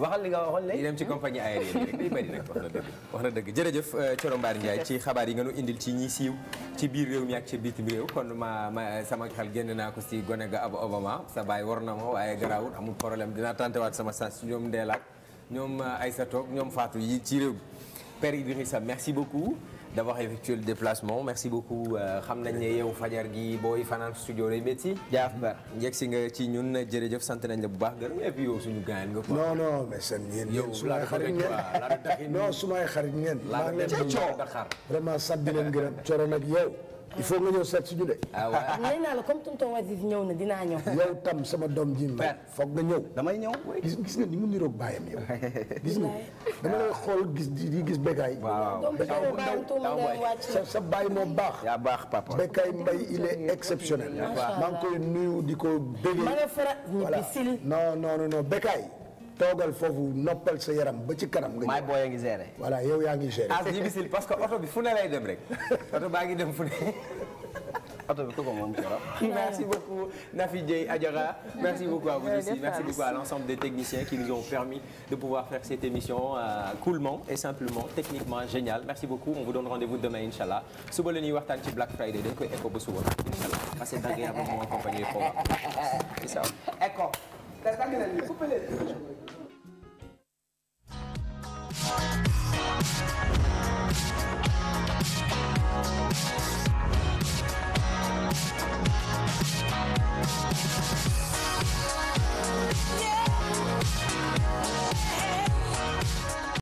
waxal li nga waxoon dem ci hmm? compagnie aérienne rek day bëri wax na dëgg. jërëjëf euh, Thioro Mbar Ndiaye ci xabaar yi nga nu indil ci ñi siiw ci biir réew mi ak ci bitim réew kon ma ma sama xel génn naa ko si gone ga ab Obama sa baay war na ma waaye garaawul amul problème dinaa waat sama sas ñoom Ndéla ñoom euh, Aïssa Toog ñoom Fatou yi ci réew mi Père Idrissa merci beaucoup. d'avoir effectué le déplacement merci beaucoup euh, xam nañ ne yow fajar gi booy fanaan studio lay métti. jaaf ba njëkk si nga ci ñun jërëjëf sant nañ la bu baax gërëm et puis yow suñu gaañ nga quoi. non non su may xarit ngeen non su may xarit ngeen. maa ngi leen di vraiment sant di leen gërëm coro nag yow. il faut nga ñëw seet suñu de. ah waaw nee naa la comme tonton Waziz ñëw na dinaa ñëw. yow tam sama doom ji ma foog nga ñëw. damay ñëw gis gis nga ni mu niroog bàyyam yow. gis nga dama xool gis di gis Bécaye. waaw doomu sa baax. yaa baax papa Bécaye Mbaye il est exceptionnel. koy nuyu di ko bëggee. ma nga fara ñu non non non Bécaye. toogal foofu noppal sa yaram ba ci kanam. nga maay booy a ngi géré. voilà yow yaa ngi géré. as difficile parce que oto bi fu ne lay dem rek oto baa ngi dem fu ne. oto bi ku ko moom merci beaucoup Nafi Dieye Adjara merci beaucoup à vous aussi merci beaucoup à l'ensemble des techniciens qui nous ont permis de pouvoir faire cette émission euh, coolement et simplement techniquement génial merci beaucoup on vous donne rendez-vous demain inshallah suba la ñuy waxtaan ci Black Friday dañ koy écho ba suba inshallah passez d'agréables da dagg leen ñu coupé leen émission